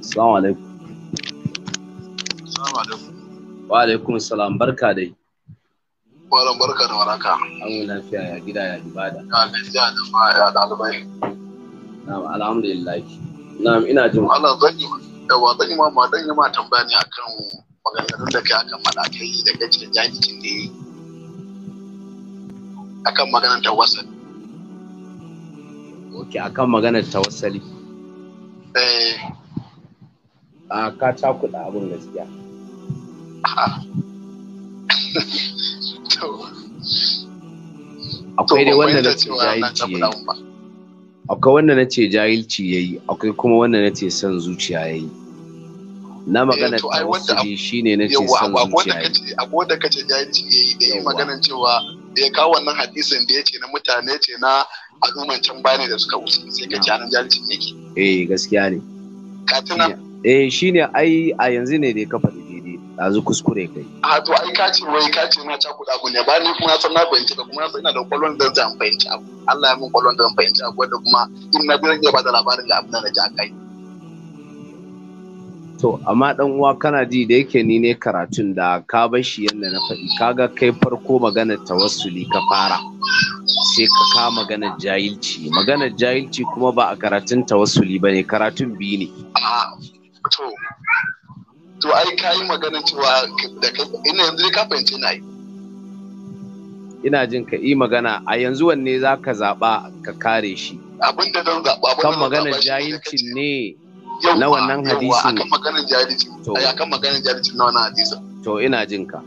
Assalamu alaikum. Assalamu alaikum. Wa alaikum salam barka dai. Malam barka da waraka. An lafiya ya gida ya ibada. Ya gajiya da ma ya dalibai. Na'am alhamdulillah. Na'am ina jin. Allah zan yi yawa zan yi ma ma dan yi ma tambaya ne akan maganganun da kai akan malakai da kai cikin jahilcin da yi. Akan maganar tawassali. Ok akan maganar tawassali. Eh a ka cakuɗa abin gaskiya akwai dai wanda na ce jahilci ya yi akwai wanda na ce jahilci ya yi akwai kuma wanda na ce son zuciya ya yi na eh, magana ta wasu shi ne na ce son zuciya ya yi akwai wanda ka ce jahilci ya yi da yi maganan cewa da ya kawo wannan hadisin da ya ce na mutane ce na al'umman can baya ne da suka wuce sai ka ce anan jahilcin ke. eh gaskiya ne ka tuna eh shine ai a yanzu ne da ya kafa daidai yanzu kuskure kai a to ai ka ce wai ka ce na ta kuɗa abu ne ba ni kuma san na fahimci ba kuma san ina da kwallon da zan fahimci abu Allah ya min kwallon da zan fahimci abu wanda kuma in na zan ba da labarin da abin da na ji a kai to amma dan uwa kana ji da yake ni ne karatun da ka bar shi yanda na faɗi kaga kai farko magana tawassuli ka fara sai ka ka magana jahilci magana jahilci kuma ba a karatun tawassuli ba ne karatun biyu ne to to ai ka yi maganin cewa da kai ina yanzu ka fahimce na yi ina jin ka yi magana a yanzu wanne za ka zaɓa ka kare shi abin da zan zaɓa kan maganar jahilcin ne na wannan hadisin akan maganar jahilcin to ai akan maganar jahilcin na wannan hadisin to ina jin ka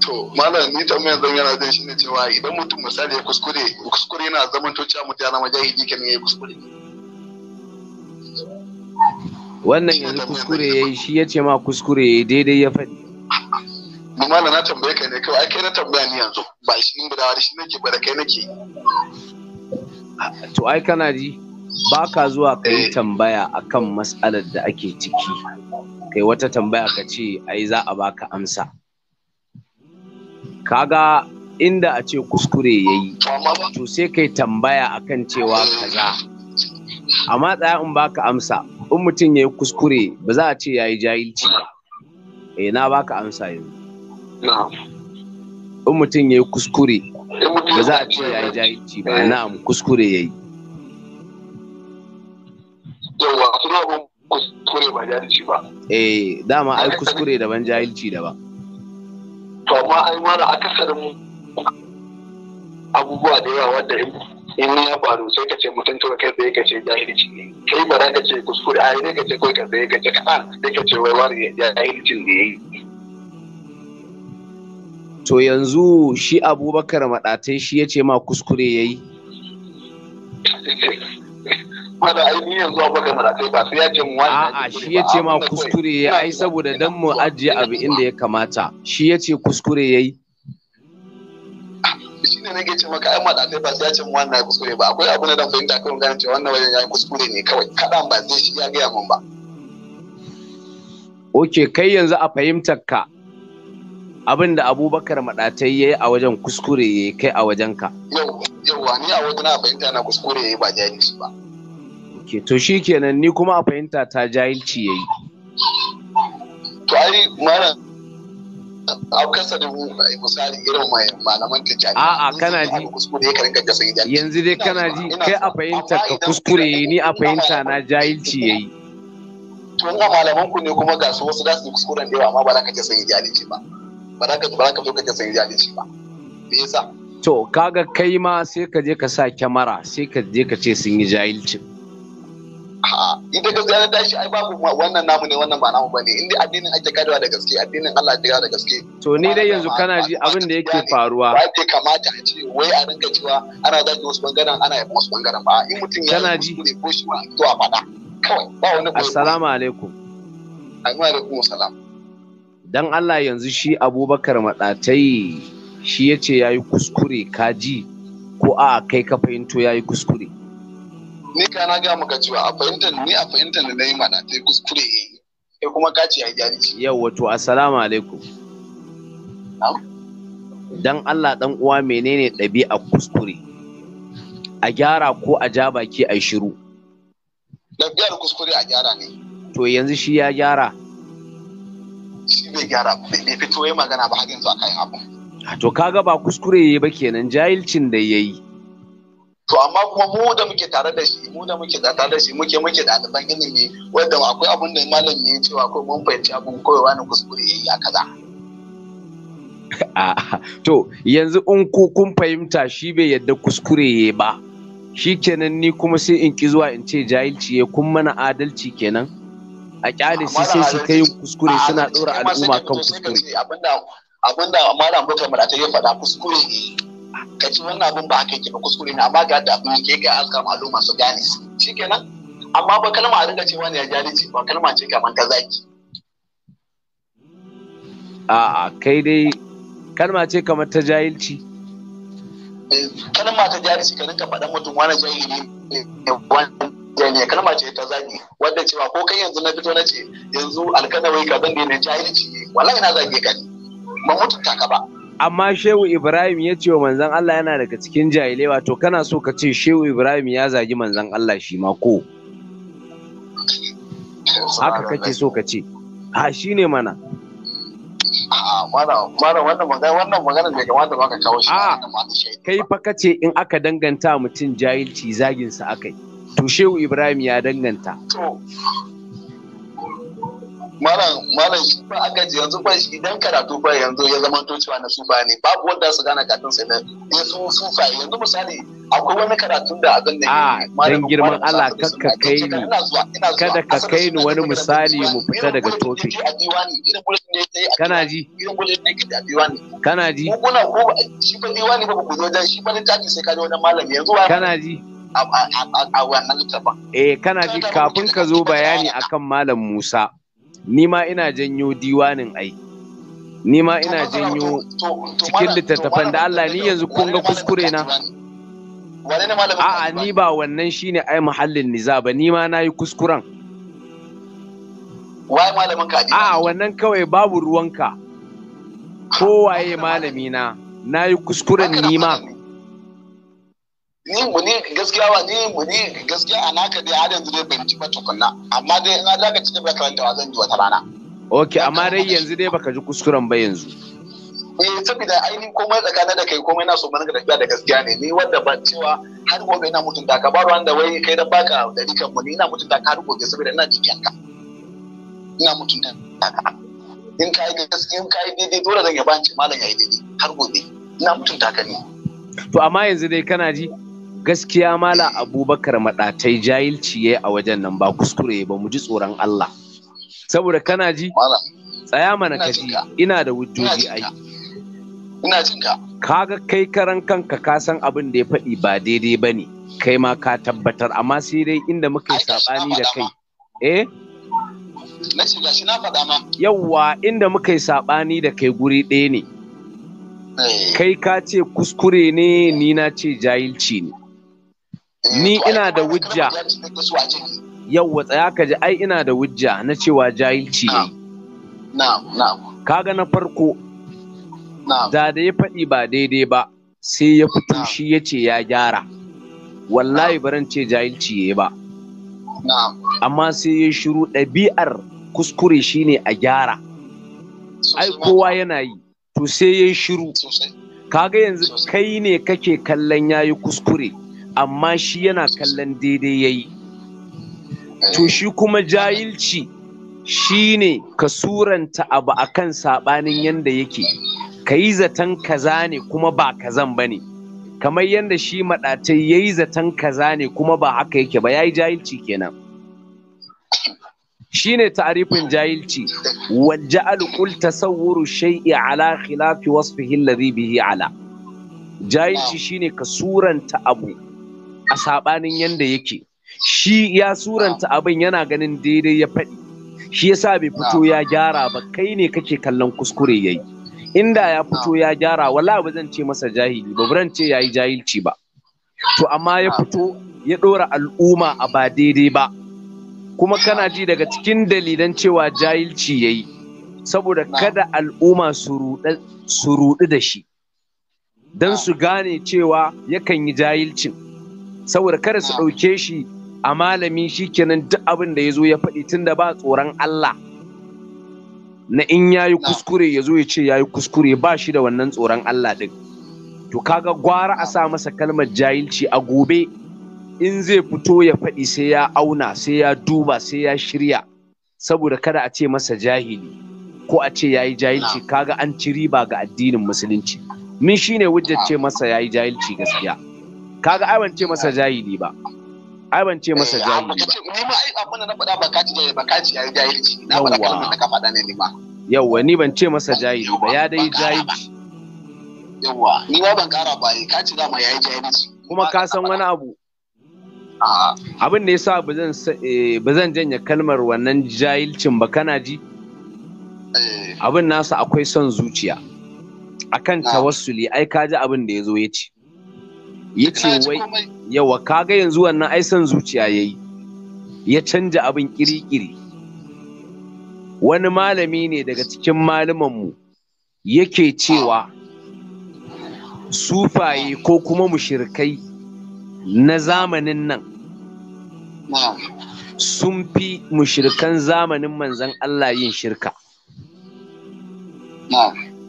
to malam ni ta mai zan yana jin shi ne cewa idan mutum misali ya kuskure kuskure yana zamanto cewa mutum ya zama jahili kenan ya yi kuskure wannan yanzu kuskure ya yi shi ya ce ma kuskure ya yi daidai ya faɗi mala na tambaye ka ne kawai ake kai na tambaya ni yanzu ba shi in gudawa da shi nake ba da kai nake to ai kana ji ba ka zuwa ka yi eh. tambaya akan matsalar da ake ciki kai wata tambaya ka ce ai za a baka amsa kaga inda a ce kuskure ya yi to sai kai tambaya akan cewa kaza amma tsaya in baka amsa in mutum ya yi kuskure ba za a ce ya yi jahilci ba eh na baka amsa yanzu in mutum ya yi kuskure ba za a ce ya yi jahilci ba na'am kuskure ya yi eh dama ai kuskure daban jahilci daban to amma ai mana akasarin abubuwa da yawa wanda in ya faru sai ka ce mutum kawai kai zai ka ce jahilci ne kai ba za ka ce kuskure a yi ka ce kawai ka zai, ka ce ka sai ka ce wai wani jahilcin ce ya yi to yanzu shi abubakar maɗatai shi ya ce ma kuskure ya yi mada ainihin yanzu abubakar maɗatai ba sai ya ce mu wani a'a shi ya ce ma kuskure ya yi saboda don mu ajiye abu inda ya kamata shi ya ce kuskure ya yi shi ne nake ce maka ai maɗa ba sai ya ce wannan kuskure ba akwai abu na dan fahimta kan gane cewa wannan wajen ya kuskure ne kawai kaɗan ba zai shi ya gaya min ba. Ok, kai yanzu a fahimtar ka abin da abubakar maɗatai ya yi a wajen kuskure ya yi kai a wajen ka. Yauwa ni a wajen na fahimta na kuskure ya yi ba jahilci ba. Ok, to shi kenan ni kuma a fahimta ta jahilci ya yi. To ai malam akasarin irin malaman a'a kana ji yanzu dai kana ji kai a fahimta ka kuskure ni a fahimta na jahilci yi tun ga malaman ku ne kuma ga su wasu da su kuskuren da yawa amma ba za ka je yi jahilci ba ba za ka ba za ka zo ka je yi jahilci ba me yasa to kaga kai ma sai ka je ka sa kyamara sai ka je ka ce sun yi jahilcin idan ita gaskiya na tashi ai babu wannan namu ne wannan ba namu ba ne inda addinin ake karewa da gaske addinin Allah ake karewa da gaske to ni dai yanzu kana ji abin da yake faruwa ba ke kamata a ce wai a rinka cewa ana zagi wasu bangaren ana yaba wasu bangaren ba in mutum ya ji ko shi ma to a faɗa kawai ba wani ko assalamu alaikum alaikum salam dan Allah yanzu shi Abubakar Madatai shi yace yayi kuskure kaji ko a kai ka fahimto yayi kuskure ni ka na ga maka cewa a fahimtar ni a fahimtar da na yi mana ta kuskure yi eh. kai kuma ka ce ai jahilci yau wato assalamu alaikum dan Allah dan uwa menene ɗabi'a kuskure a gyara ko a ja baki a shiru ɗabi'ar kuskure a gyara ne to yanzu shi ya gyara shi bai gyara bai fito ya magana ba har yanzu a kayan abu ah, to kaga ba kuskure yayi ba kenan jahilcin da yayi to amma kuma mu da muke tare da mu da muke gata da shi muke muke alban ilimi wanda akwai abun da malam ya cewa akwai mun fahimci abun koyewa na kuskure ya a kaza. Ah, to yanzu in ku kun fahimta shi bai yadda kuskure ya ba shi kenan ni kuma sai in ki zuwa in ce jahilci ya kun mana adalci kenan a kyale sai sai su kai kuskure suna ɗora al'umma kan kuskure abinda abinda malam bukar mara ta yi faɗa kuskure ne ka ci wannan abin ba haka yake ba kuskure ne amma ga yadda abin yake ga aska maluma su gane shikenan amma ba kalma a rinka cewa ne ya ce ba kalma ce kamar ta zaki a'a kai dai kalma ce kamar ta jahilci eh, kalma ta jahilci ka rinka faɗan mutum wani jahili ne eh, wani kalma ce ta zagi wanda cewa ko kai yanzu na fito na ce yanzu alkanawai ka zan ne jahilci ne wallahi na zage ka ne ba mutunta ka ba amma shehu ibrahim ya ce wa manzan Allah yana daga cikin jahilai wato kana so ka ce shehu ibrahim ya zagi manzan Allah shi ma ko haka kake so ka ce ha shi ne mana kai fa ce in aka danganta mutum jahilci zaginsa yi to shehu ibrahim ya danganta malam shi ba aka ji yanzu ba idan karatu ba yanzu ya zama to cewa na sufa ne babu wanda su gana katin sai nan ya su sufa yanzu misali akwai wani karatu da abin da a dan girman Allah kakka kai ni kada ka kai ni wani misali mu fita daga topic kana ji kana ji kuna ko shi ba diwani ba ku zo dan shi ba taki sai ka je wajen malami yanzu kana ji a wannan littafin eh kana ji kafin ka zo bayani akan malam Musa ni ma ina janyo diwanin ai ni ma ina janyo cikin littattafan da Allah ni yanzu kun ga kuskure na a'a ni ba wannan shine ai muhallin niza ba ni ma nayi kuskuren wai malamin ka a'a wannan kawai babu ruwanka kowaye malami na nayi kuskuren ni ma ni mu ni gaskiya ba ni mu ni gaskiya a naka dai har yanzu dai ban ji ba tukunna amma dai in za ka ci da karanta zan ji wata rana ok amma dai yanzu dai baka ji kuskuren ba yanzu eh saboda ainihin komai tsakanin da kai komai na so mana tafiya da gaskiya ne ni wanda ba cewa har gobe ina mutunta ka ba ruwan da wai kai da baka da rikan mu ni ina mutunta ka har gobe saboda ina jikin ka ina mutunta ka in ka yi gaskiya in ka yi daidai dole zan yaba ci malam ya yi daidai har gobe ina mutunta ka ne to amma yanzu dai kana ji gaskiya mala abubakar maɗatai jahilci ya a wajen nan ba kuskure ba mu ji tsoron Allah saboda kana ji tsaya mana ka ji ina da hujjoji ai ina jinka kaga kai karan kanka ka san abin da ya faɗi ba daidai ba ne kai ma ka tabbatar amma sai dai inda muka yi saɓani da kai eh na shiga shi na faɗa ma yawwa inda muka yi saɓani da kai guri ɗaya ne eh. kai ka ce kuskure ne ni na ce jahilci ne ni ina da wujja yawwa tsaya ka ji ai ina da wujja na cewa jahilci ne kaga na farko da da ya faɗi ba daidai ba sai ya fito shi ya ce ya gyara wallahi baran ce jahilci ya ba amma sai ya shiru ɗabi'ar kuskure shine a gyara ai kowa yana yi to sai ya shiru kaga yanzu kai ne kake kallon yayi kuskure amma shi yana kallon daidai ya yi to shi kuma jahilci shi ne ka suranta abu a kan saɓanin yadda yake ka yi zaton kaza ne kuma ba kazan ba ne kamar yadda shi maɗatai ya yi zaton kaza ne kuma ba haka yake ba ya yi jahilci kenan shi ne tarifin jahilci wajen alƙul tasawuru shai'i ala khilafi wasu bihi ala jahilci shine ka suranta abu a saɓanin yanda yake shi ya suranta abin yana ganin daidai ya faɗi shi yasa bai fito ya gyara ba kai ne kake kallon kuskure yayi inda ya fito ya gyara wala ba zan ce masa jahili ba buran ce yayi jahilci ba to amma ya fito ya ɗora al'umma a ba daidai ba kuma kana ji daga cikin dalilan cewa jahilci yayi saboda kada al'umma su ruɗu da shi don su gane cewa yakan yi jahilcin saboda kada su ɗauke shi a malami shi kenan duk abin da ya zo ya faɗi tun da ba tsoron Allah na in ya yi kuskure ya zo ya ce ya yi kuskure ba shi da wannan tsoron Allah ɗin to kaga gwara a sa masa kalmar jahilci a gobe in zai fito ya faɗi sai ya auna sai ya duba sai ya shirya saboda kada a ce masa jahili ko a ce ya yi jahilci kaga an ci riba ga addinin musulunci min shine hujjar ce masa ya yi jahilci gaskiya kaga ai ban ce masa jahili ba ai ban ce masa eh, jahili ba ni ma ai abin da na faɗa ba ka ci ba ka ci ai jahilci na faɗa kalmar da ka faɗa ne ni ma yawwa ni ban ce masa jahili ba ya dai jahilci yawwa ni ma ban kara ba eh, ka ci dama yayi jahilci kuma ka san wani abu ah. abin da yasa ba zan eh, ba zan janye kalmar wannan jahilcin ba kana ji abin nasa akwai son zuciya akan ah. tawassuli ai kaji abin da ya zo ya ce ya ce wai yawa kaga yanzu wannan ai son zuciya ya yi ya canja abin kirikiri wani malami ne daga cikin malamanmu yake cewa sufaye ko kuma mushirkai na zamanin nan sun fi mushirkan zamanin manzan Allah yin shirka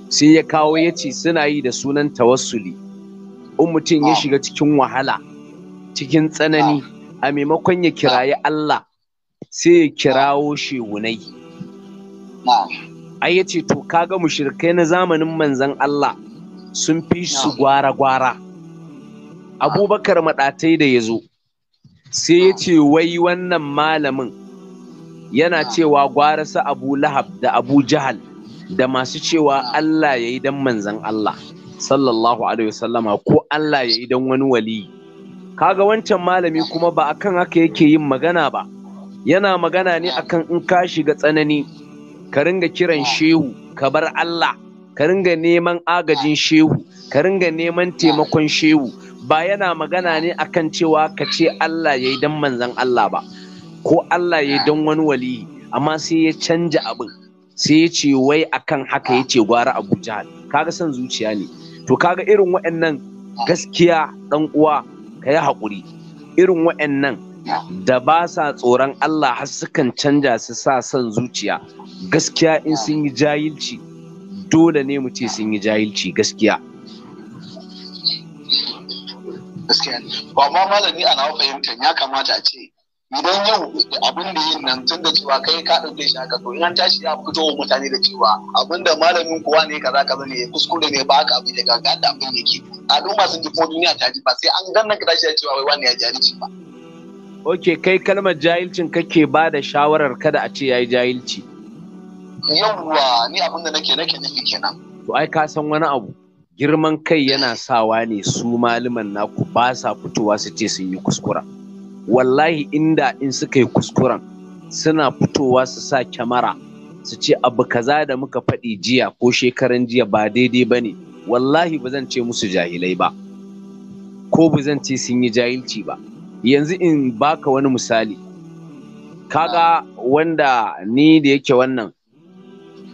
sai ya kawo ya ce suna yi da sunan tawassuli in mutum ya shiga cikin wahala cikin tsanani a maimakon ya kirayi Allah sai ya kirawo shewunai ai ya ce to kaga mushirkai na zamanin manzan Allah sun fi su gwara-gwara abubakar maɗatai da ya zo sai ya ce wai wannan malamin yana cewa gwara sa abu lahab da abu jahal da masu cewa Allah ya yi don manzan Allah. sallallahu alaihi wasallam ko Allah ya idan wani wali kaga wancan malami kuma ba akan haka yake yin magana ba yana magana ne akan in ka shiga tsanani ka ringa kiran shehu ka bar Allah ka ringa neman agajin shehu ka ringa neman taimakon shehu ba yana magana ne akan cewa ka ce Allah ya yi don manzan Allah ba ko Allah ya yi wani wali amma sai ya canja abin sai ya ce wai akan haka ya ce gwara Abu Jahal kaga son zuciya ne to kaga irin wa'annan gaskiya dan uwa ka yi haƙuri irin wa'annan da ba sa tsoron Allah har sukan canja su sa son zuciya gaskiya in sun yi jahilci dole ne mu ce sun yi jahilci gaskiya gaskiya ba ma malami a nawa fahimtar ya kamata a ce idan yau abin da yin nan tun da cewa kai ka ɗauke shi haka to in an tashi ya fito wa mutane da cewa abin da malamin kuwa ne kaza kaza ne kuskure ne ba ka abin da ga da abin yake al'umma sun ji ko duniya ta ji ba sai an ganna ka tashi ya cewa wai wani ya jahilci ba. Ok, kai kalmar jahilcin kake ba da shawarar kada a ce ya yi jahilci. Yawwa, ni abin da nake nake nufi kenan. To ai ka san wani abu. Girman kai yana sawa ne su maliman naku ba sa fitowa su ce sun yi kuskura. wallahi inda in suka yi kuskuren suna fitowa su sa kyamara su ce abu kaza da muka faɗi jiya ko shekaran jiya ba daidai ba ne wallahi ba zan ce musu jahilai ba ko ba zan ce sun yi jahilci ba yanzu in baka wani misali kaga wanda ni da yake wannan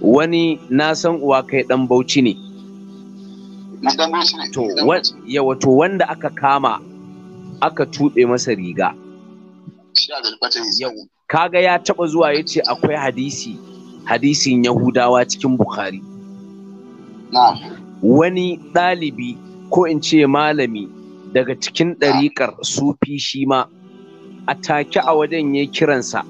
wani na san uwa kai dan bauchi ne to wanda aka kama aka tuɓe masa riga kaga ya taɓa zuwa ya ce akwai hadisi hadisin yahudawa cikin bukhari wani ɗalibi ko in ce malami daga cikin ɗariƙar sufi shi ma a take a wajen ya kiransa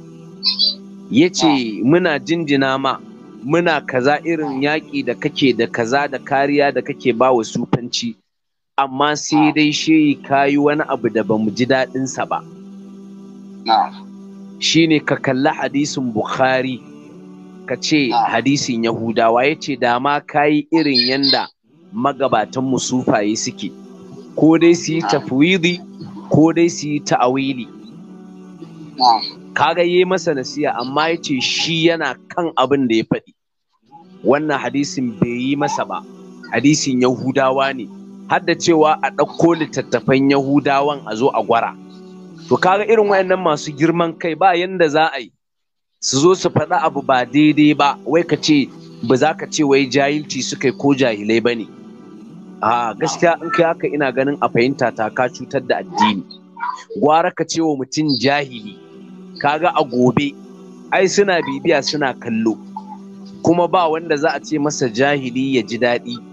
ya ce muna jinjina ma muna kaza irin yaƙi da kake da kaza da kariya da kake ba wa sufanci amma sai dai shi ka yi wani abu da ba mu ji daɗinsa ba shine ka kalli hadisin bukhari ka ce hadisin yahudawa ya ce da ma ka yi irin yanda magabatan sufaye suke ko dai su yi tafwidi ko dai su yi ta'awili kaga yi masa nasiya amma ya ce shi yana kan abin da ya faɗi wannan hadisin bai yi masa ba hadisin yahudawa ne har da cewa a ɗauko littattafan yahudawan a zo a gwara to kaga irin wayannan masu girman kai ba yanda za a yi su zo su faɗi abu ba daidai ba wai ka ce ba za ka ce wai jahilci suka yi ko jahilai ba ne a gaskiya in kai haka ina ganin a fahimta ta ka cutar da addini gwara ka ce wa mutum jahili kaga a gobe ai suna bibiya suna kallo kuma ba wanda za a ce masa jahili ya ji daɗi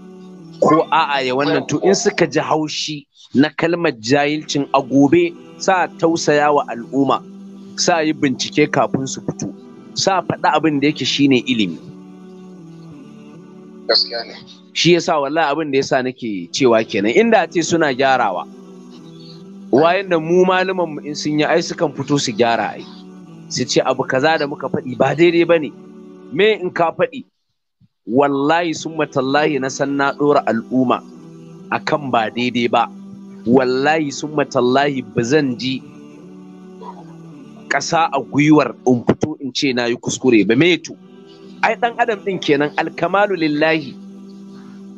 ko a'a ya wannan to in suka ji haushi na kalmar jahilcin a gobe sa tausaya wa al'umma sa yi bincike kafin su fito sa faɗa abin da yake shine ilimi shi yasa wallahi abin da yasa nake cewa kenan inda ce suna gyarawa wayan da mu malaman mu in sun yi ai sukan fito su gyara ai su ce abu kaza da muka faɗi ba daidai bane me in ka faɗi wallahi sun matallahi na san na ɗora al'umma akan ba daidai ba wallahi sun matallahi ba zan ji ƙasa a gwiwar in fito in ce na yi kuskure ba metu ai ɗan adam ɗin kenan alkamalu lillahi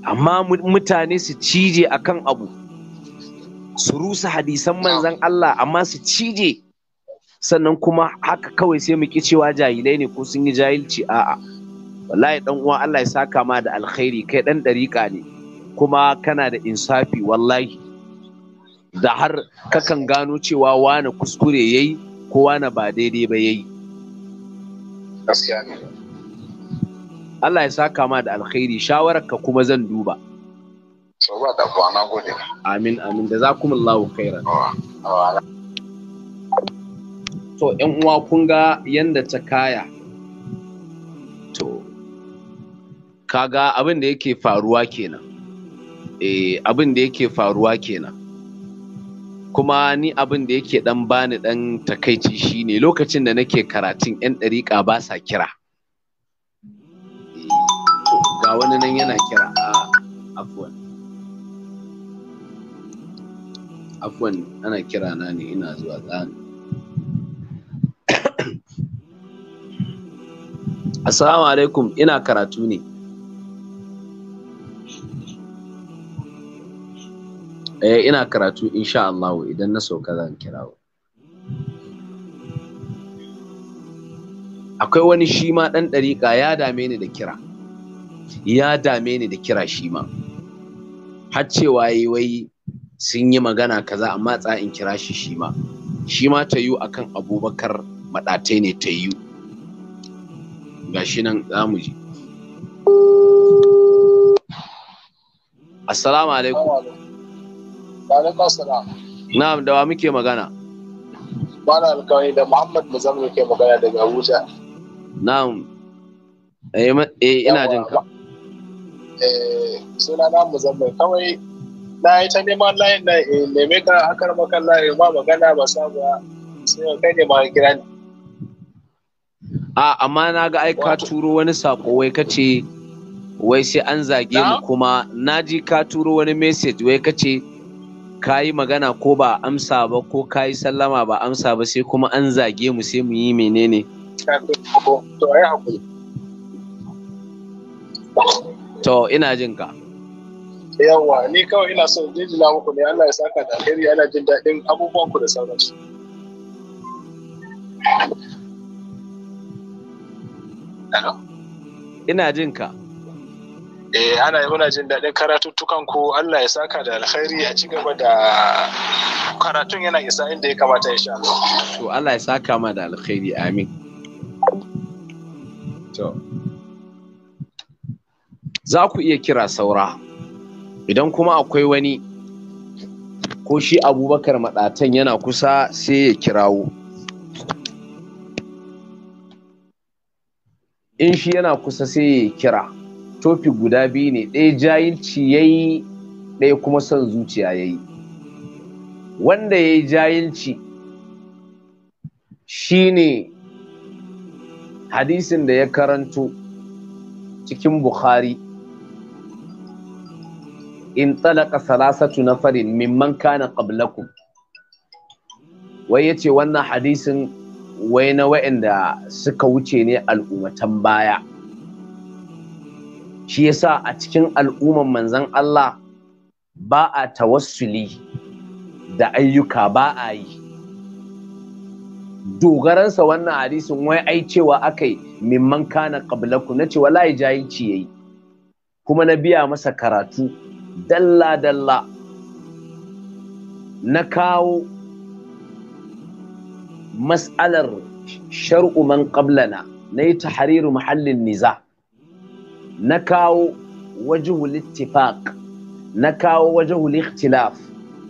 amma mutane su cije akan abu su rusa hadisan manzan Allah amma su cije sannan kuma haka kawai sai mu ki cewa jahilai ne ko sun yi jahilci a'a wallahi dan uwa Allah ya saka ma da alkhairi kai dan dariƙa ne kuma kana da insafi wallahi da har kakan gano cewa wani kuskure yayi ko wani ba daidai ba yayi gaskiya ne Allah ya saka ma da alkhairi shawararka kuma zan duba Amin, amin. da kuwa na gode amin amin da khairan to yan uwa kun ga yanda ta kaya kaga abin da yake faruwa kenan eh abin da yake faruwa kenan kuma ni abin da yake dan bani dan takaici shine lokacin da nake karatun yan dariƙa ba sa kira eh, ga wani nan yana kira a ah, afwan afwan ana kira na ne ina zuwa tsani assalamu alaikum ina karatu ne eh ina karatu insha Allah idan na sauka zan kirawo akwai wani shi ma ɗan ɗariƙa ya dame ni da kira ya dame ni da kira shi ma har cewa yi wai sun yi magana kaza amma tsa in kira shi shi ma shi ma ta yi akan abubakar maɗatai ne ta yi ga shi nan za mu ji assalamu alaikum Tare masana. Na'am da wa muke magana? Bana alƙawari da Muhammad Bazar muke magana daga Abuja. Na'am. Eh, eh ina jin ka. Eh suna na Muzammil kawai na yi ta neman layin na eh, neme ka akar makan layin ba magana ba sabuwa sai kai ne ma kira ne. A amma na ga ai ka turo wani sako wai ka ce wai sai an zage mu kuma na ji ka turo wani message wai ka ce ka yi magana ko ba amsa ba ko ka yi sallama ba amsa ba sai kuma an zage mu sai mu yi menene to ina jin ka yawwa ni kawai ina so jijila muku ne Allah ya saka da alheri ana jin daɗin abubuwan ku da sauransu ina jin ka eh ana yi muna jin daɗin karatuttukan ku Allah ya saka da alkhairi a ci gaba da karatun yana isa inda ya kamata ya sha to Allah ya saka ma da alkhairi amin to za ku iya kira saura idan kuma akwai wani ko shi abubakar Madatan yana kusa sai ya kirawo in shi yana kusa sai ya kira tofi guda biyu ne ɗaya jahilci ya yi ɗaya kuma son zuciya ya yi wanda ya yi jahilci shi ne hadisin da ya karanto cikin bukhari in talaka salasatu na farin mimman kana ƙablaku wai ya ce wannan hadisin wai na wa'inda suka wuce ne al'ummatan baya shi yasa a cikin al'umman manzan Allah ba a tawassuli da ayyuka ba a yi dogaransa wannan hadisin wai ai cewa akai mimman kana qablaku na ce wallahi jahilci yayi kuma na biya masa karatu dalla dalla na kawo mas'alar shar'u man qablana na yi tahriru mahallin niza' na kawo wajihul ittifaq na kawo wajihul ikhtilaf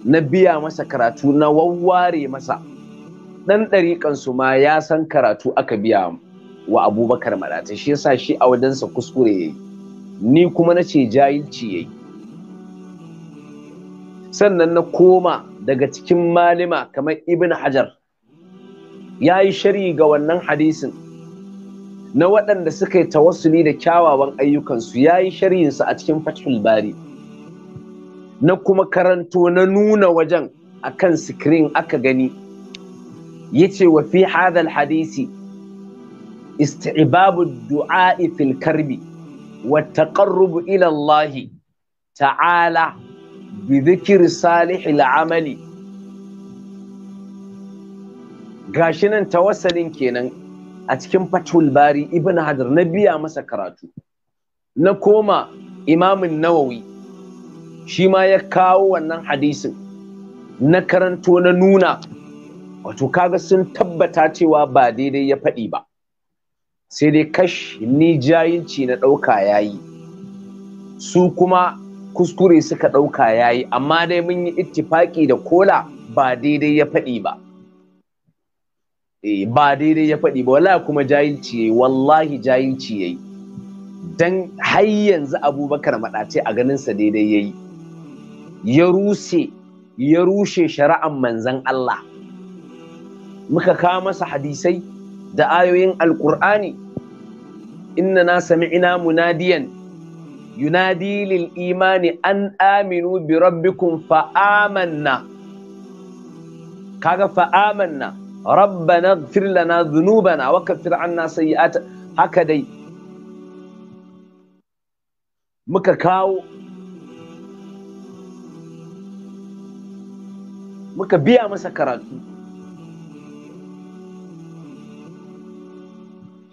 na biya masa karatu na wawware masa ɗan ɗariƙan su ma ya san karatu aka biya wa abubakar maɗata shi yasa shi a wajensa kuskure yayi ni kuma na ce jahilci yayi sannan na koma daga cikin malima kamar ibn hajar ya yi shari ga wannan hadisin na waɗanda suka yi tawassuli da kyawawan ayyukansu ya yi shari'insa a cikin fathul bari na kuma karanto na nuna wajen a kan sikirin aka gani ya ce wa fi hadal hadisi isti'babu du'a'i fil karbi wa taqarrubu ila Allah ta'ala bi dhikri salihil amali gashi nan tawassalin kenan a cikin fatul bari ibn hajar na biya masa karatu na koma imamin nawawi shi ma ya kawo wannan hadisin na karanto na nuna wato kaga sun tabbata cewa ba daidai ya faɗi ba sai dai kash ni jayinci na ɗauka yayi su kuma kuskure suka ɗauka yayi amma dai mun yi ittifaki da kola ba daidai ya faɗi ba Eh, ba daidai ya faɗi ba wala kuma jahilci yayi wallahi jahilci yayi dan har yanzu abubakar maɗace a ganinsa daidai yayi ya rushe ya rushe shari'an manzan Allah muka kawo masa hadisai da ayoyin alkur'ani inna na sami'ina munadiyan yunadi lil imani an aminu bi rabbikum fa amanna kaga fa amanna rabbana ighfir lana dhunubana wa kaffir anna sayyi'ata haka dai muka kawo muka biya masa karatu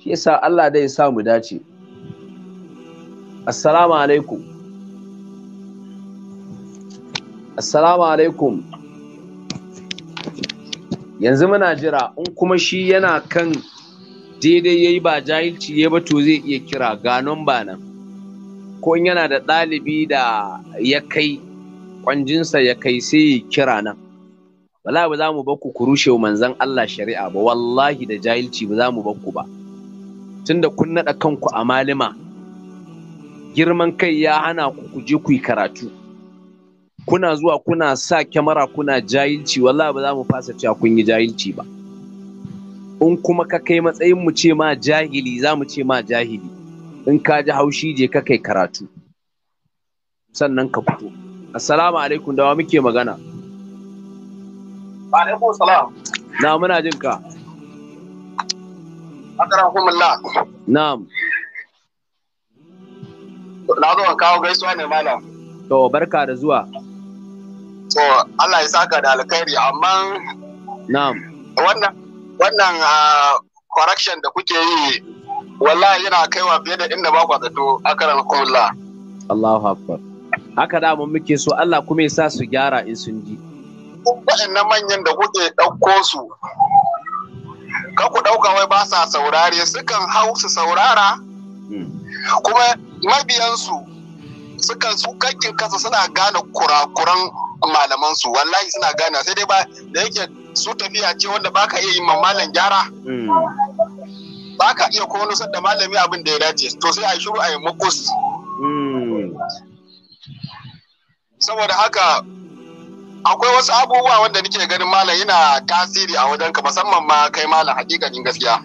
shi yasa Allah dai ya sa mu dace assalamu alaikum assalamu alaikum yanzu muna jira in kuma shi yana kan daidai yayi ba jahilci ya ba to zai iya kira ga ba nan ko in yana da ɗalibi da ya kai kwanjinsa ya kai sai ya kira nan wala ba za mu bar ku rushe manzan Allah shari'a ba wallahi da jahilci ba za mu ku ba tunda kun naɗa kanku a malima girman kai ya hana ku ku je ku yi karatu kuna zuwa kuna sa kyamara kuna jahilci wallahi ba za mu fasa cewa kun yi jahilci ba in kuma ka kai matsayin mu ce ma jahili za mu ce ma jahili in ka ji haushi je ka kai karatu sannan ka fito assalamu alaikum dawa muke magana alaikum salam na muna jin ka na'am na zo kawo gaisuwa ne malam to barka da zuwa to Allah ya saka da alkhairi amma na'am wannan wannan ah, correction da kuke yi wallahi yana kaiwa fiye da inda ba ku zato akaran kullu Allahu akbar haka da mun muke so Allah kuma ya sa su gyara in sun ji na manyan da kuke ɗauko su ka ku ɗauka wai ba sa saurare sukan hau su saurara hmm. kuma mabiyansu sukan su kakkin kasa suna gane kurakuran malaman su wallahi suna gane sai dai ba da yake su tafiya ce wanda baka iya yi ma gyara hmm. baka iya ko sadda malami abin da ya dace to sai a yi shiru a yi mukus hmm. saboda haka akwai wasu abubuwa wanda nake ganin malam yana tasiri a wajenka musamman ma kai malam hakikanin gaskiya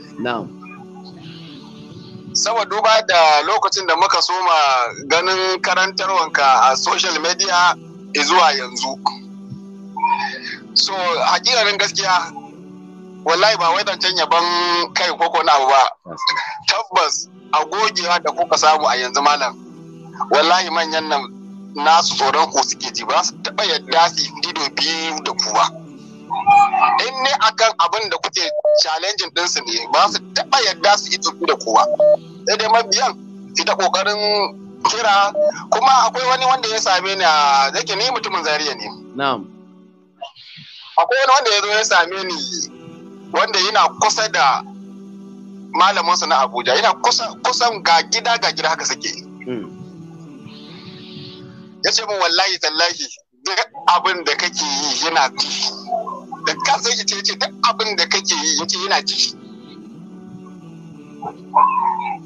sama duba da lokacin da muka soma ganin karantarwanka a social media zuwa yanzu so nan gaskiya wallahi ba wai zancen yaban kai ko ko abu ba tabbas a gogewa da kuka samu a yanzu malam wallahi manyan nan nasu tsoron ku suke ji ba su taɓa yadda su dido biyu da kuwa. in ne akan abin da kuke challenging ɗinsu ne ba su taɓa yadda su yi da kowa sai dai mabiyan fita ta ƙoƙarin kira kuma akwai wani wanda ya same ni a zake ni mutumin zariya ne na'am akwai wani wanda ya zo ya same ni wanda yana kusa da malamin su na Abuja yana kusa kusan ga gida ga gida haka suke hmm. ya ce min wallahi tallahi duk abin da kake yi yana ci da kasa yake ce duk abin da kake yi yace yana ci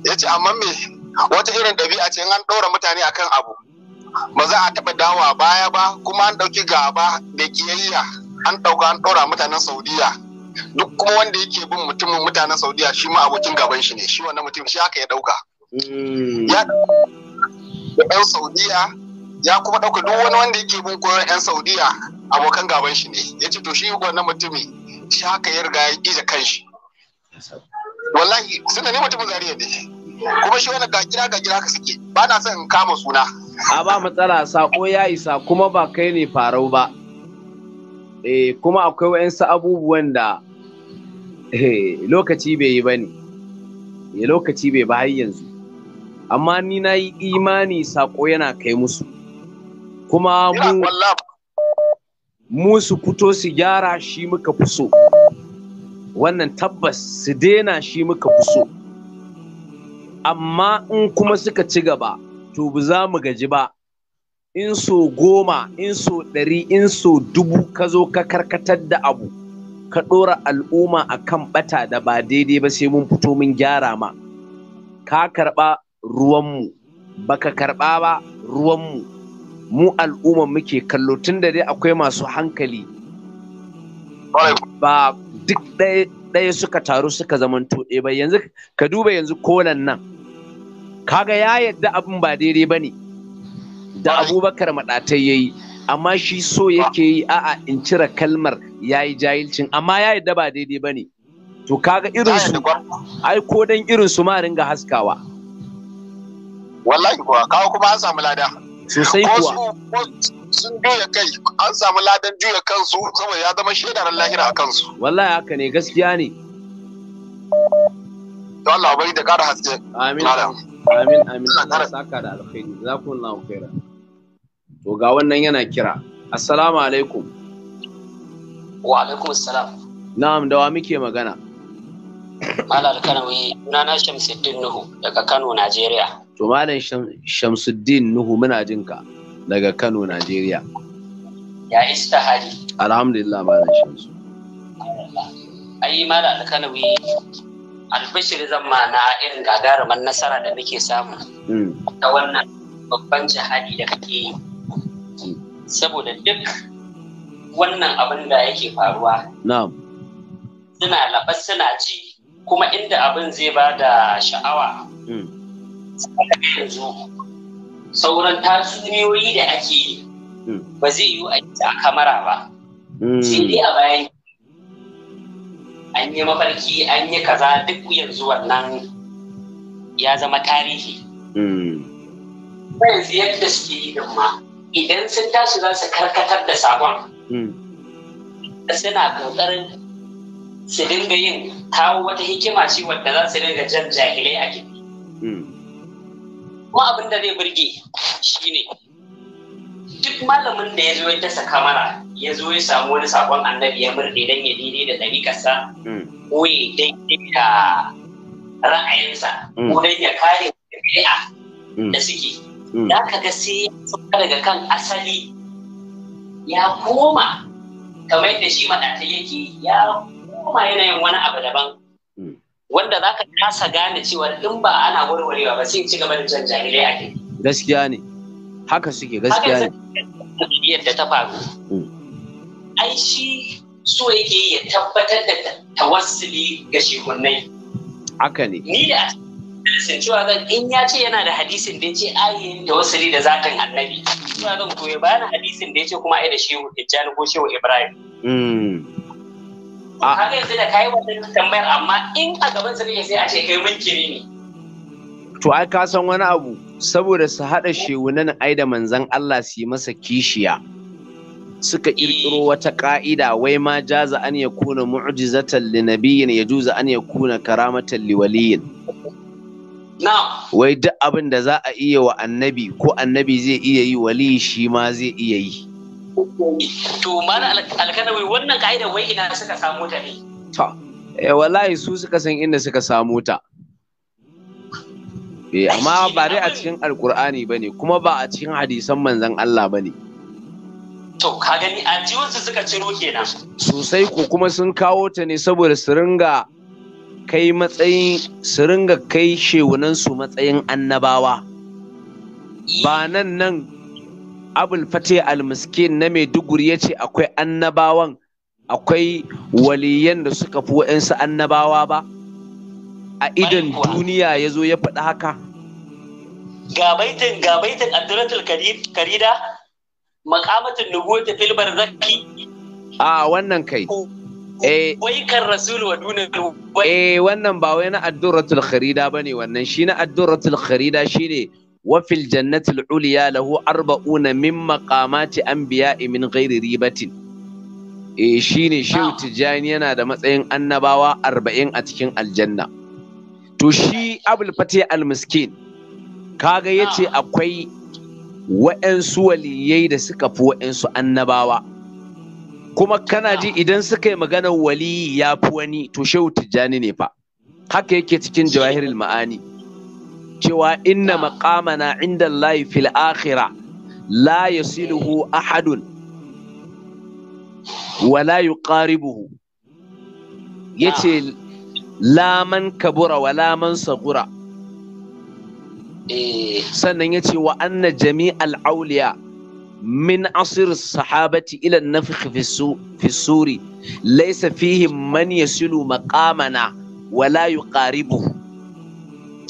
ya ce amma me wata irin ɗabi'a ce in an ɗora mutane akan abu ba za a taɓa dawa baya ba kuma an ɗauki gaba da ƙiyayya an ɗauka an ɗora mutanen saudiya duk kuma wanda yake bin mutumin mutanen saudiya shi ma abokin gaban shi ne shi wannan mutum shi haka ya ɗauka hmm. ya ɗauka ɗan saudiya ya kuma ɗauka duk wani wanda yake bin koyon ɗan saudiya abokan gaban shi ne ya ce to shi wannan mutumi shi haka ya riga ya ƙi kanshi wallahi suna ne mutumin zariya ne kuma shi wani gajira gajira ka suke ba na son in kama suna a ba matsala sako ya isa kuma ba kai ne farau ba eh kuma akwai su abubuwan da eh, lokaci bai yi ba ne ya eh, lokaci bai ba yanzu amma ni na yi imani sako yana kai musu kuma mu mu su fito su gyara shi muka fi so wannan tabbas su daina shi muka fi so amma in kuma suka ci gaba to ba za mu gaji ba in so goma in so ɗari in so dubu ka zo ka karkatar da abu ka ɗora al'umma a kan ɓata da ba daidai ba sai mun fito mun gyara ma ka karɓa ruwanmu ba ka karɓa ba ruwanmu mu al'umma muke kallo tun da dai akwai masu hankali ba duk ɗaya suka taru suka zamanto ɗaya ba yanzu ka duba yanzu kolan nan kaga ya yadda abin ba daidai ba ne da abubakar maɗatai ya yi amma shi so yake yi a'a in cire kalmar ya yi jahilcin amma ya yadda ba daidai ba ne to kaga irin su ai ko dan irin su ma ringa haskawa wallahi kuwa kawo kuma an samu lada sosai kuwa sun juya kai an samu ladan juya kansu saboda ya zama shaidar lahira a kansu wallahi haka ne gaskiya ne to Allah bai da ƙara haske amin amin amin Allah saka da alkhairi za ku jazakumullahu khaira to ga wannan yana kira assalamu alaikum wa alaikum assalam na'am da wa muke magana Malam Kanawi, sunana Shamsuddin Nuhu daga Kano, Najeriya. To Malam Shamsuddin Nuhu muna jin ka daga Kano, Najeriya. Ya ista hali. Alhamdulillah Malam Shamsu. Ai Malam Kanawi albishir zan ma na irin gagarumar nasara da muke samu hmm. ta wannan babban jihadi da kake yi hmm. saboda duk wannan abin da yake faruwa suna labas suna ci kuma inda abin zai ba da sha'awa hmm. yanzu sauran tatsuniyoyi da ake yi ba zai yi a kamara ba sai dai a bayan an yi mafarki an yi kaza duk yanzu wannan ya zama tarihi hmm. yanzu yadda suke yi ma idan sun tashi za su karkatar da sabon hmm. suna kokarin su dinga yin kawo wata hikima ce wadda za su dinga jan jahilai a gidi hmm. kuma abin da zai burge shine duk malamin da ya zo ya dasa kamara ya zo ya samu wani sakon annabi ya murde dan ya daidai da ɗariƙarsa hmm. ko ya daidai da ra'ayinsa hmm. ko dan ya kare ɗari'a hmm. da suke da ka ga sai ya daga kan asali ya koma kamar yadda shi maɗata yake ya koma yanayin wani abu daban wanda za ka kasa gane cewa in ba ana warwarewa ba sai ci gaba da jan jahilai a gaskiya ne haka suke gaskiya ne yadda ta faru ai shi so yake ya tabbatar da tawassuli ga shekunai. haka ne ni da hadisin cewa zan in ya ce yana da hadisin da ya ce ayin tawassuli da zatin annabi cewa zan koyi bayan hadisin da ya ce kuma ai da shehu tijjani ko shehu ibrahim haka hmm. ah. yanzu da kayi wannan tambayar amma in a gaban sarki sai a ce kai mulkiri ne to ai ka san wani abu saboda su haɗa shewunan ai da manzan Allah su yi masa kishiya suka ƙirƙiro wata ƙa'ida, wai ma jaza an ya kuna mu'jizatan li nabiyyin ya juza an ya kuna karamatan li waliyin wai duk abin da za a iya wa annabi ko annabi zai iya yi wali shi ma zai iya yi to mana alkanawi wannan ka'ida wai ina suka samu ta ne to eh wallahi su suka san inda suka samu ta eh amma ba dai a cikin alkur'ani bane kuma ba a cikin hadisan manzon Allah bane To, ka gani a jiwonsu suka ciro kenan. Sosai ko kuma sun kawo ta ne saboda su ringa kai matsayin su ringa kai shewunansu matsayin annabawa. Ba nan nan Abul fate al-Miskin na Maiduguri ya ce akwai annabawan akwai waliyan da suka fi wa'insu annabawa ba a idan duniya ya zo ya faɗi haka. Gabaitin gabaitin Abdulatul Karida maqamatin ta fil zaki. a wannan kai eh wai kan rasul wa dunar eh wannan ba wai na addurratul kharida bane wannan shi na addurratul kharida shine wa fil jannatil uliya lahu arba'una min maqamati biya min ghairi ribatin eh shine shehu ah. tijani yana da matsayin annabawa arba'in a cikin aljanna to shi abul fatih al miskin kaga yace ah. akwai wa'yansu waliyai da suka fi wa'yansu annabawa kuma kana ji idan suka yi maganar waliyi ya fi wani to shehu tijjani ne fa haka yake cikin jawahirul ma'ani cewa inna maqamana inda Allah fil akhira la yasiluhu ahadun wa la yuqaribuhu yace la man kabura wa la man sagura Eh. sannan ya ce wa anna jami auliya min asir sahabati ila na fi suri fihi man silu maƙamana wala yuqaribuhu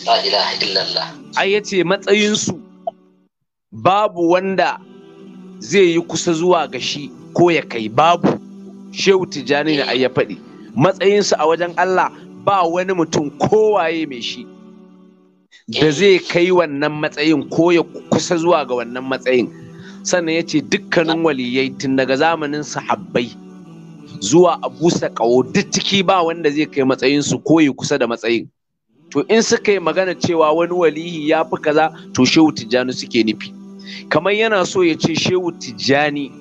la ai yace matsayinsu matsayinsu babu wanda zai yi kusa zuwa ga shi ko ya kai babu shehu tijjani ne ai ya faɗi matsayinsu a wajen Allah ba wani mutum kowaye mai shi da zai kai wannan matsayin ko ya kusa zuwa ga wannan matsayin sannan ya ce dukkanin waliyai tun daga zamanin sahabbai zuwa abu sakawo duk ciki ba wanda zai kai matsayinsu ko ya kusa da matsayin to in suka yi magana cewa wani walihi ya fi kaza to shehu tijjani suke nufi kamar yana so ya ce shehu tijjani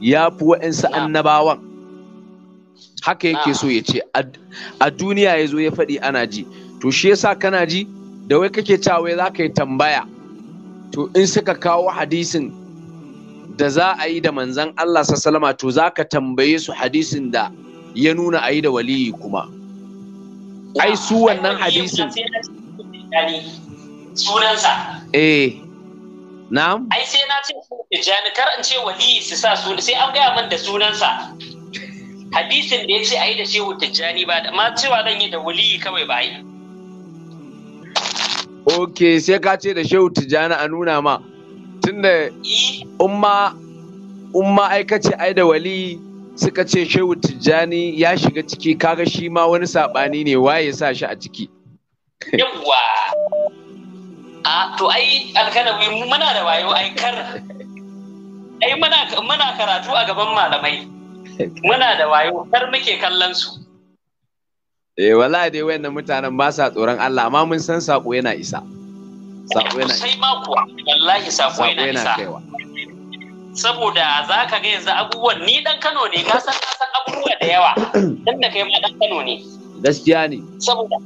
ya fi wa'insu annabawan haka yake so ya ce a duniya ya zo ya faɗi ana ji to shi yasa kana ji da wai kake cewa wai za ka yi tambaya to in suka kawo hadisin da za a yi da manzan Allah sallama to za ka tambaye su hadisin da ya nuna a yi da waliyi kuma ai su wannan hadisin sunansa eh na'am ai sai na ce tijani kar in ce waliyi su sa su sai an gaya min da sunansa hadisin da ya ce a yi da shehu tijjani ba ma cewa zan yi da waliyi kawai ba yi ok sai ka ce da shehu tijjani a nuna ma tunda eh. umma umma ma ka ce ai da wali suka ce shehu tijjani ya shiga ciki kaga shi ma wani saɓani ne waye sa shi a ciki yawwa a to ai alkanawi muna da wayo ai kar ai muna karatu a gaban malamai muna da wayo kar muke kallon su eh wallahi dai wayannan mutanen ba sa tsoron Allah amma mun san sako yana isa sako yana sai ma kuwa wallahi sako yana isa saboda za ka ga yanzu abubuwan ni dan Kano ne ka san san abubuwa da yawa dan da kai ma dan Kano ne gaskiya ne saboda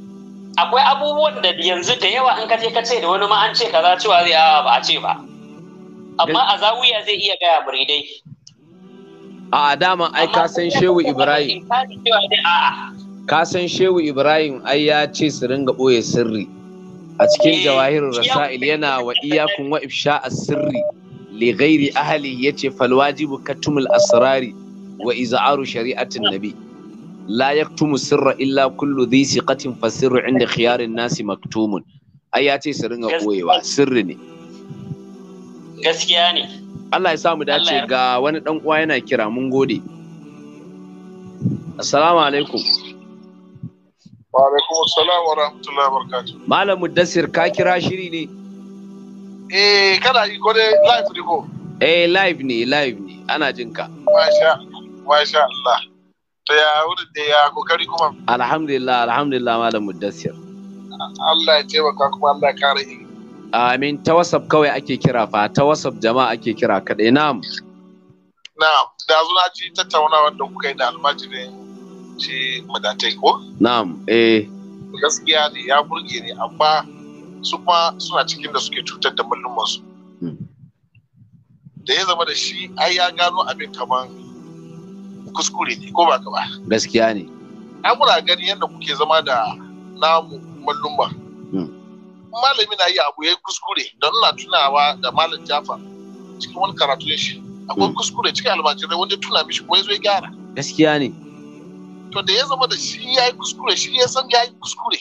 akwai abubuwan da yanzu da yawa an kace kace ka ce da wani ma an ce kaza cewa zai a ba a ce ba amma a zawiya zai iya gaya muridai a dama ai ka san Shehu Ibrahim a'a ka san shehu ibrahim ai ya ce su ringa ɓoye sirri a cikin eh, jawahirin rasa'il yana wa iyakun wa ifsha sirri li ghairi ahli yace fal wajibu katumul asrari wa iz'aru shari'atin nabi la yaktumu sirra illa kullu dhi siqatin fa sirru inda khiyarin nasi maktumun ai ya ce su ringa ɓoyewa sirri ne gaskiya ne Allah ya samu dace ga wani dan uwa yana kira mun gode assalamu alaikum Wa alaikum assalam wa rahmatullahi wa barakatuh. Malam Muddassir ka kira shiri ne? Eh kana yi ko dai live ne ko? Eh live ne live ne ana jin ka. Masha Masha Allah. Ta ya wurin da ya kokari kuma. Alhamdulillah alhamdulillah Malam Muddassir. Allah ya taimaka kuma Allah ya kare ilimi. Amin ta WhatsApp kawai ake kira fa ta WhatsApp jama'a ake kira kaɗai na'am. Na'am da zuna ji tattaunawar da kuka yi da almajirin ce madatai ko? Na'am, eh. Gaskiya ne ya burge ne amma su ma suna cikin da suke cutar da mallumansu. Hmm. Da ya zama da shi ai ya gano abin kamar kuskure ne ko ba ka ba. Gaskiya ne. Ai muna gani yadda kuke zama da namu malluma. Hmm. Malami na yi abu ya yi kuskure don na tunawa da Malam Jafa cikin wani karatun shi. Akwai hmm. kuskure cikin almajirai wanda tuna mishi kuma ya zo ya gyara. Gaskiya ne. to da ya zama da shi ya yi kuskure shi ya san ya yi kuskure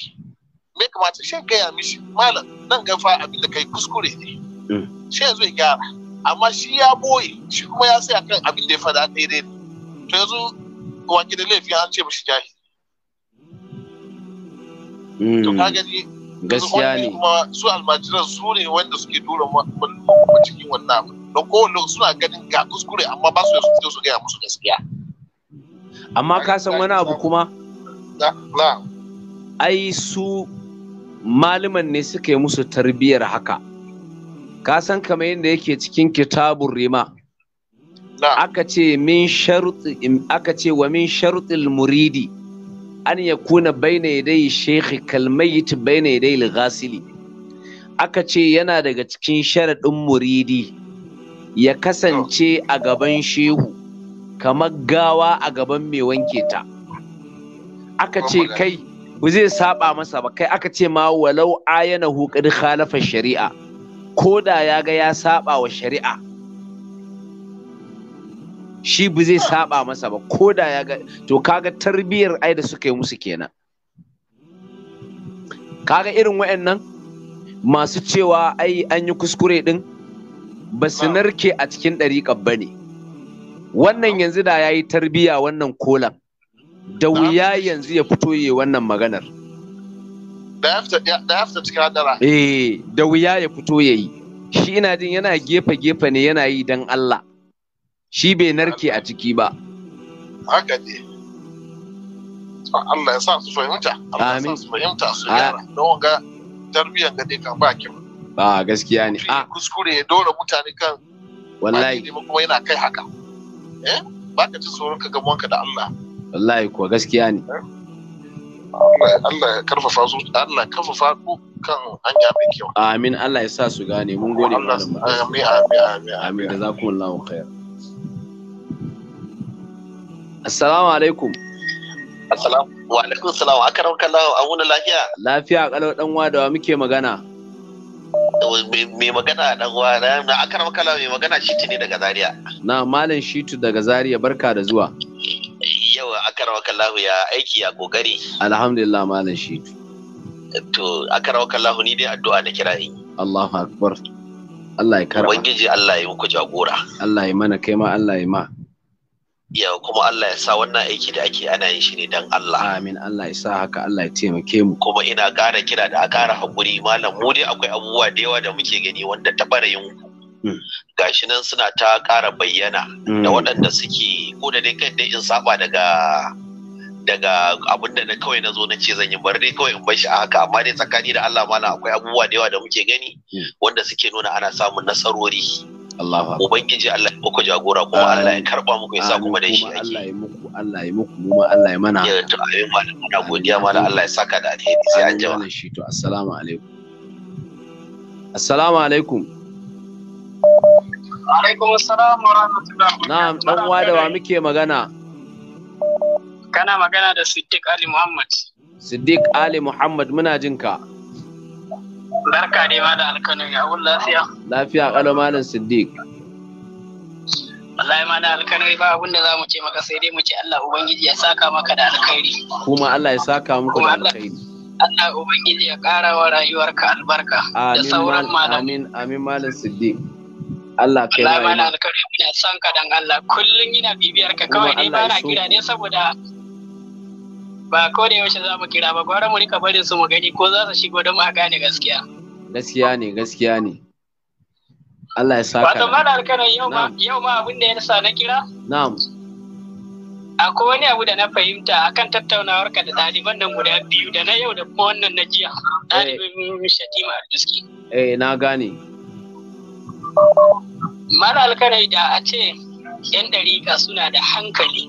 me kamata shi gaya mishi malam nan gafa abin da kai kuskure ne hmm. shi yanzu ya gyara amma shi ya boye shi kuma ya sai akan abin da ya faɗa daidai ne to yanzu waki da laifi an ce mishi jahi to ka hmm. gani gaskiya ne kuma su almajiran su ne wanda suke dora cikin wannan don kowane suna ganin ga kuskure amma ba su da su gaya musu gaskiya amma ka san wani abu kuma ai su maliman ne suka yi musu tarbiyyar haka ka san kamar yadda yake cikin kitabun rima aka ce min aka ce wa min muridi an ya kuna baina dai shekhi kalmayit baina dai lighasili aka ce yana daga cikin sharaɗin muridi ya kasance a gaban shehu kamar gawa a gaban mai wanke ta aka ce kai ba zai saba masa ba kai aka ce ma walau ayana hukar khalafa shari'a ko da ya ga ya saba wa shari'a shi ba zai saba masa ba ko da ya ga to kaga tarbiyyar ai da suka yi musu kenan kaga irin wayannan masu cewa ai an yi kuskure din ba su narke a cikin ɗariƙar ba ne wannan yanzu da ya yi tarbiya wannan kolan da wuya yanzu ya fito yi wannan maganar eh, da wuya ya fito ya yi shi ina jin yana gefe gefe ne yana yi don Allah shi bai narke a ciki ba haka ne Allah ya sa su fahimta Allah ya sa su fahimta su yara ah. don ga tarbiyyar da dai kan ba ba gaskiya ne a ah. kuskure dole mutane kan wallahi ne kuma yana kai haka eh ba ka ji tsoron ka gamuwanka da Allah wallahi kuwa gaskiya ne eh? Allah ya karfafa su Allah karfafa ku kan hanya mai kyau amin Allah ya sa su gane mun gode Allah amin amin amin amin da ku khair assalamu alaikum assalamu wa alaikum assalam akaram kallahu a wuni lafiya lafiya kalau dan wadawa muke magana mai magana dan uwa na akar makala mai magana shitu ne daga zaria na malam shitu daga zaria barka da zuwa yawa akar makala ya aiki ya kokari alhamdulillah malam shitu to akar makala ni dai addu'a da kirayi Allahu akbar Allah ya karama ubangiji Allah ya muku jagora Allah ya mana kai ma Allah ya ma ya kuma Allah ya sa wannan aiki da ake ana yin shi ne don Allah. Amin Allah ya sa haka Allah ya taimake mu. Kuma ina ƙara kira da a ƙara haƙuri malam mu dai akwai abubuwa da yawa da muke gani wanda ta bara yin hmm. gashi nan suna ta ƙara bayyana hmm. da waɗanda suke ko da dai kai dai in saba daga daga abin da na kawai na zo na ce zan yi bar dai kawai in bar shi a haka amma dai tsakani da Allah malam akwai abubuwa da yawa da muke gani hmm. wanda suke nuna ana samun nasarori. ubangiji Allah ya kuma Allah ya karba muku ya sa kuma da shi ake Allah ya muku Allah ya muku Allah ya mana ya to ya saka da alheri sai na'am dan uwa wa muke magana kana magana da Siddiq Ali Muhammad Siddiq Ali Muhammad muna jinka ka Barka ne ma da alkanun ya wun lafiya. Lafiya kalo malam Siddiq. Wallahi ma da alkanun ba abin da za mu ce maka sai dai mu ce Allah Ubangiji ya saka maka da alkhairi. Kuma Allah ya saka muku da alkhairi. Allah Ubangiji ya ƙara wa rayuwarka albarka da sauran malam. Amin amin malam Siddiq. Allah kai rayuwa. Wallahi ma da alkanu ina son ka dan Allah kullum ina bibiyar ka kawai dai ba na gida ne saboda ba ko da yaushe za mu kira ba gwara mu rika barin su mu gani ko za su shigo don mu gane gaskiya gaskiya ne gaskiya ne Allah ya ka wato mala alkaran yau ma yau ma abin da ya sa na kira na'am akwai wani abu da na fahimta akan tattaunawar ka da ɗaliban nan guda biyu da na yau da kuma wannan na jiya eh. ɗalibin shatima arziski eh na gane Mana alkarai da a ce yan dariƙa suna da hankali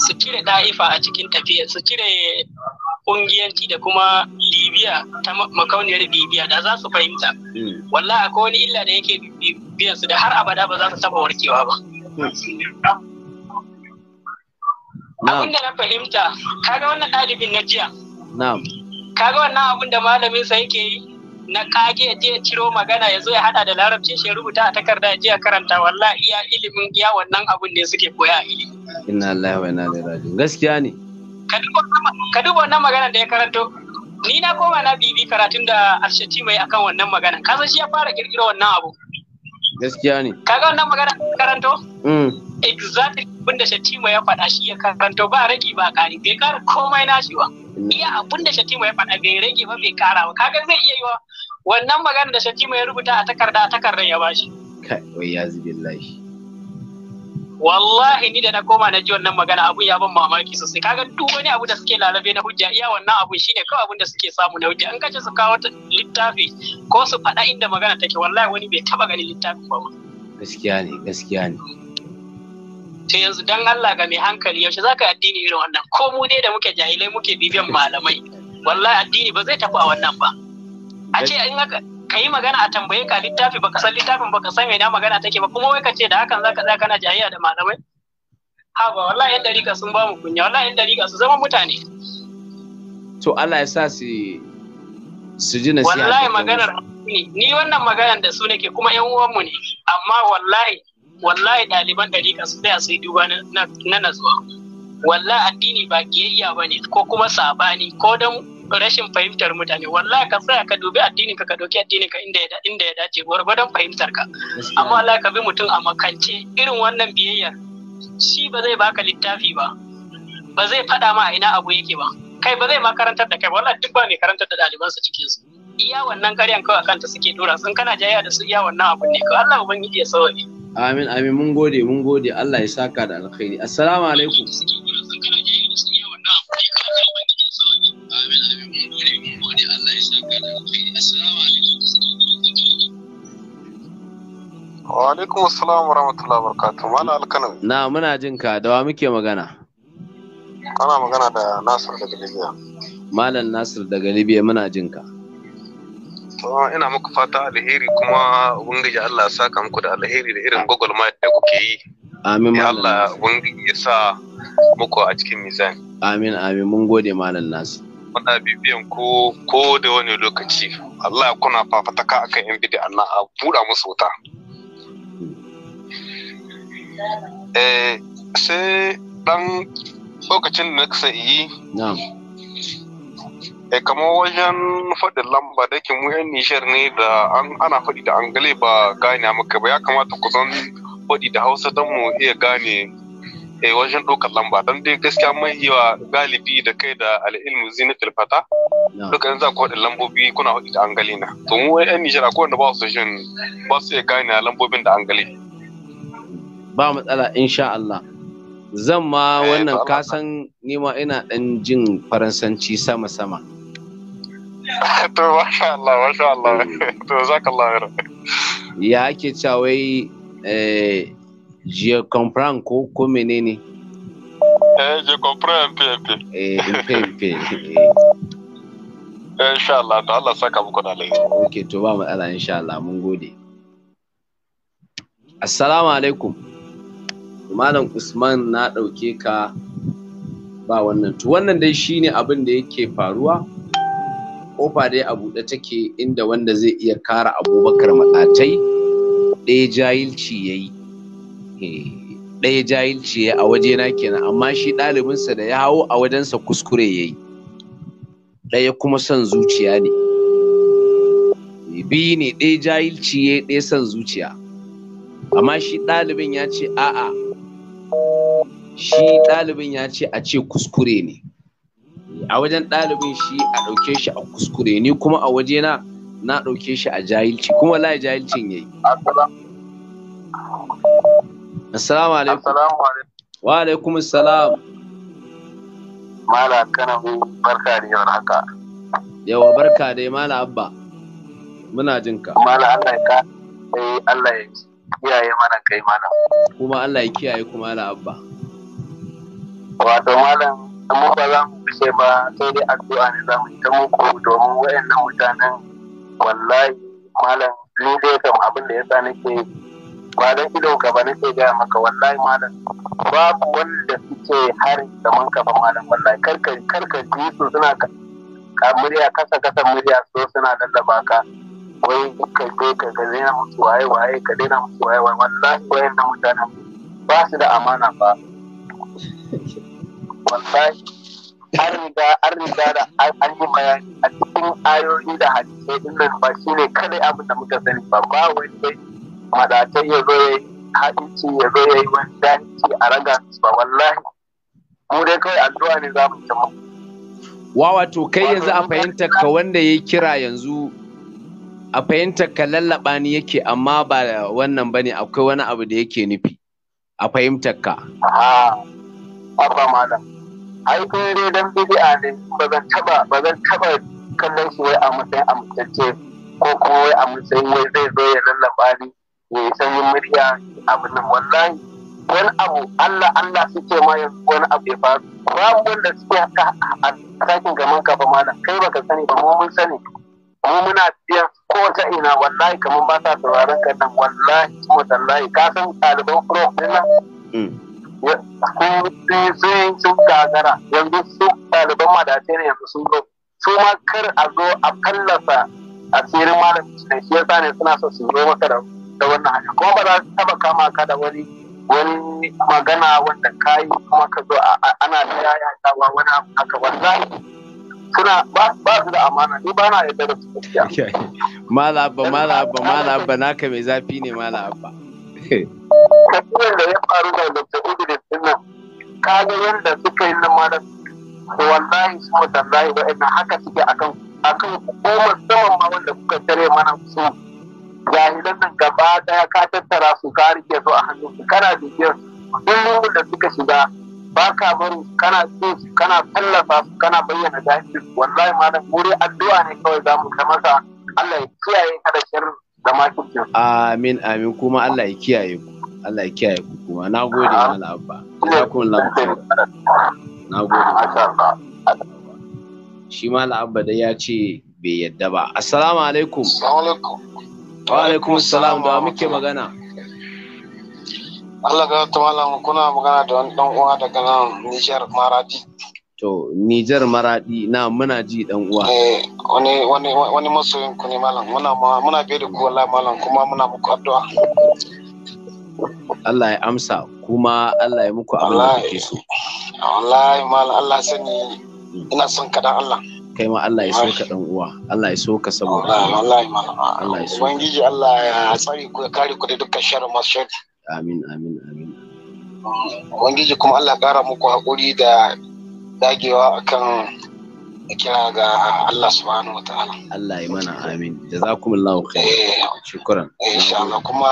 su cire da'ifa a cikin tafiya su cire kungiyanci da kuma libya ta makauniyar libya da za su fahimta hmm. walla akwai wani illa da yake biyan su da har abada ba za su taba warkewa ba abin da na fahimta kaga wannan ɗalibin na jiya kaga wannan abin da malamin sa yake yi na kage je ciro magana ya zo ya hada da larabcin shi ya rubuta a takarda je ya karanta wallahi iya ilimin iya wannan abun ne suke koya a ilimi inna Allah wa inna ilaihi rajin gaskiya ne ka duba wannan magana da ya karanto ni na koma na bibi karatun da arshati mai akan wannan magana ka san shi ya fara kirkiro wannan abu gaskiya ne kaga wannan magana karanto mm. Exactly abin da shatima ya faɗa shi ya karanto ba rage ba ƙari bai ƙara komai na shi ba iya abinda shatima ya faɗa bai rage ba bai ƙara ba kaga zai iya yiwa wannan magana da shakima ya rubuta a takarda a takardar ya bashi kai wai ya billahi wallahi ni da na koma na ji wannan magana abun ya ban mamaki sosai kaga duk wani abu da suke lalabe na hujja iya wannan abun shine kawai abun da suke samu na hujja an kace su kawo littafi ko su faɗa inda magana take wallahi wani bai taba ganin littafin ba gaskiya ne gaskiya ne to yanzu dan Allah ga mai hankali yaushe zaka addini irin wannan ko mu dai da muke jahilai muke bibiyan malamai wallahi addini ba zai tafi a wannan ba a ce in ka yi magana a tambaye ka littafi baka san littafin baka san ina magana take ba kuma wai ka ce da hakan zaka tsaya kana jayayya da malamai ha ba wallahi yan dariƙa sun ba mu kunya wallahi yan dariƙa su zama mutane to Allah ya sa su su ji nasiha wallahi maganar ne ni wannan maganar da su nake kuma yan uwan mu ne amma wallahi wallahi ɗaliban dariƙa su tsaya su duba na natsuwa wallahi addini ba kiyayya bane ko kuma sabani ko dan rashin fahimtar mutane wallahi ka tsaya ka dubi addinin ka ka dauki addinin ka inda ya inda ya dace gwargwadon fahimtar ka amma Allah ka bi mutum a makance irin wannan biyayyar shi ba zai baka littafi ba ba zai faɗa ma ina abu yake ba kai ba zai ma karantar da kai wallahi duk ba ne karantar da su cikin su iya wannan karyan kawai kanta suke dora sun kana jayya da su iya wannan abu ne kawai Allah ubangiji ya sauke amin amin mun gode mun gode Allah ya saka da alkhairi assalamu alaikum na muna jin ka da muke magana ana magana da Nasir daga Libya Malam Nasir daga Libya muna jin ka ina muku fata alheri kuma ubangiji Allah saka muku da alheri da irin gwagwalmaya da kuke yi Amin ya a cikin mizan Amin mun gode Malam Nasir muna bibiyan ko ko da wani lokaci Allah ya kuna fafataka akan yan bid'a na a buɗa musu wuta eh sai ɗan lokacin da na yi e kamar wajen faɗin lamba da ke muyan nishar ne da ana faɗi da angale ba gane maka ba ya kamata ku zan faɗi da hausa dan mu iya gane eh, wajen ɗaukar lamba don dai gaskiya mai wa galibi da kai da al'ilmu zinatul tilfata, duka yanzu akwai waɗin lambobi kuna hudu da na, to mu yan nijar akwai wanda ba su jin ba su iya gane lambobin da angali ba matsala insha Allah zan ma eh, wannan kasan nima ina ɗan jin faransanci sama-sama to masha Allah masha Allah to zakallahu ya ake cawai. eh Je comprends ko ko menene? Eh, je comprends un peu un peu. Eh, un peu un peu. Eh, insha to Allah saka muku da alheri. Okay, to ba mu insha Allah, mun gode. Assalamu alaikum. Malam Usman na ɗauke ka ba wannan to wannan dai shine abin da yake faruwa kofa dai a buɗe take inda wanda zai iya kara abubakar maɗatai ɗaya jahilci ya yi ɗaya jahilci ya a wajena kenan amma shi ɗalibinsa da ya hau a wajensa kuskure ya yi ɗaya kuma son zuciya ne biyu ne ɗaya jahilci ya ɗaya son zuciya amma shi ɗalibin ya ce a'a shi ɗalibin ya ce a ce kuskure ne a wajen ɗalibin shi a ɗauke shi a kuskure ni kuma a wajena na ɗauke shi a jahilci kuma la jahilcin ya yi Assalamu alaikum. Assalamu alaikum. Wa alaikum assalam. Mala barka da yau haka. Yawa barka dai Mala Abba. Muna jin ka. Mala Allah ya ka. Eh Allah ya kiyaye mana kai Mala. Kuma Allah ya kiyaye kuma Mala Abba. Wato mu ba za mu ce ba sai dai addu'a ne za mu yi ta muku domin wayannan mutanen wallahi Malam ni dai kam abin da ya sa nake ba don ido ka sai nake gaya maka wallahi malam babu wanda suke hari zaman ka ba malam wallahi karka karka ji su suna ka murya kasa kasa murya so suna lallaba ka wai ka je ka ga daina musu waye waye ka daina musu waye waye wallahi wayan da mutanen ba su da amana ba wallahi an riga an riga da an yi bayani a cikin ayoyi da hadisai din nan ba shine kada abin da muka sani ba ba wai haɗatai ya zo ya yi haɗinci ya zo ya yi wani danci a raga ba wallahi mu dai kai addu'a ne za mu ci mu. Wawa to kai yanzu a fahimta ka wanda ya kira yanzu a fahimta ka lallaɓa ni yake amma ba wannan ba ne akwai wani abu da yake nufi a fahimta ka. Abba malam. Ai kai dai dan bidi'a ne ba zan taɓa ba zan taɓa kallon shi wai a matsayin amintacce ko kuma wai a matsayin wai zai zo ya lallaɓa ni ya yi sanyin murya abin nan wallahi wani abu Allah Allah suke ma yanzu wani abu ya faru babu wanda suke haka a sakin gaman kafa ba malam kai baka sani ba mu mun sani mu muna biyan kowace ina wallahi kamar ba sa sauraron ka nan wallahi kuma wallahi ka san ɗaliban prof din nan hmm. sun sun sun gagara yanzu su ɗaliban madace ne yanzu sun zo su ma kar a zo a fallasa asirin malam shi yasa ne suna so su zo maka da da wannan hanya kuma ba za su taba kama ka da wani wani magana wanda kayi kuma ka zo ana da yaya tawa wani abu haka wallahi suna ba su da amana ni ba na yarda da su gaskiya mala abba mala abba mala abba naka mai zafi ne mala abba kasuwan da ya faru da dr idris din nan ka ga yadda suka yi nan malam wallahi su wallahi ina haka suke akan akan kuma saman ma wanda kuka tare mana su jahilan nan gaba daya ka tattara su ka rike su a hannun su kana bibiyar duk da suka shiga ba ka bari kana ce su kana tallafa su kana bayyana jahilin su wallahi malam muri addu'a ne kawai za mu ta masa Allah ya kiyaye ka da sharri da makircin amin amin kuma Allah ya kiyaye ku Allah ya kiyaye ku kuma na gode malam abba ya kun lafiya na gode shi malam abba da ya ce bai yadda ba assalamu alaikum assalamu alaikum Wa alaikum salam da muke magana. Allah ga malam kuna magana da wani dan uwa daga nan Nijar Maradi. To Nijar Maradi na muna ji dan uwa. Eh wani wani wani masoyin ku ne malam muna muna bai da ku wallahi malam kuma muna muku addu'a. Allah ya amsa kuma Allah ya muku abin da kake so. Wallahi malam Allah sani ina son kadan Allah. kai ma Allah ya soka dan uwa Allah ya soka saboda Allah ya so ubangiji Allah ya tsare ku ya kare ku da dukkan sharrin masu sharri amin amin amin ubangiji kuma Allah kara muku hakuri da dagewa akan kira ga Allah subhanahu wataala Allah ya mana amin jazakumullahu khair eh. shukran eh, insha Allah kuma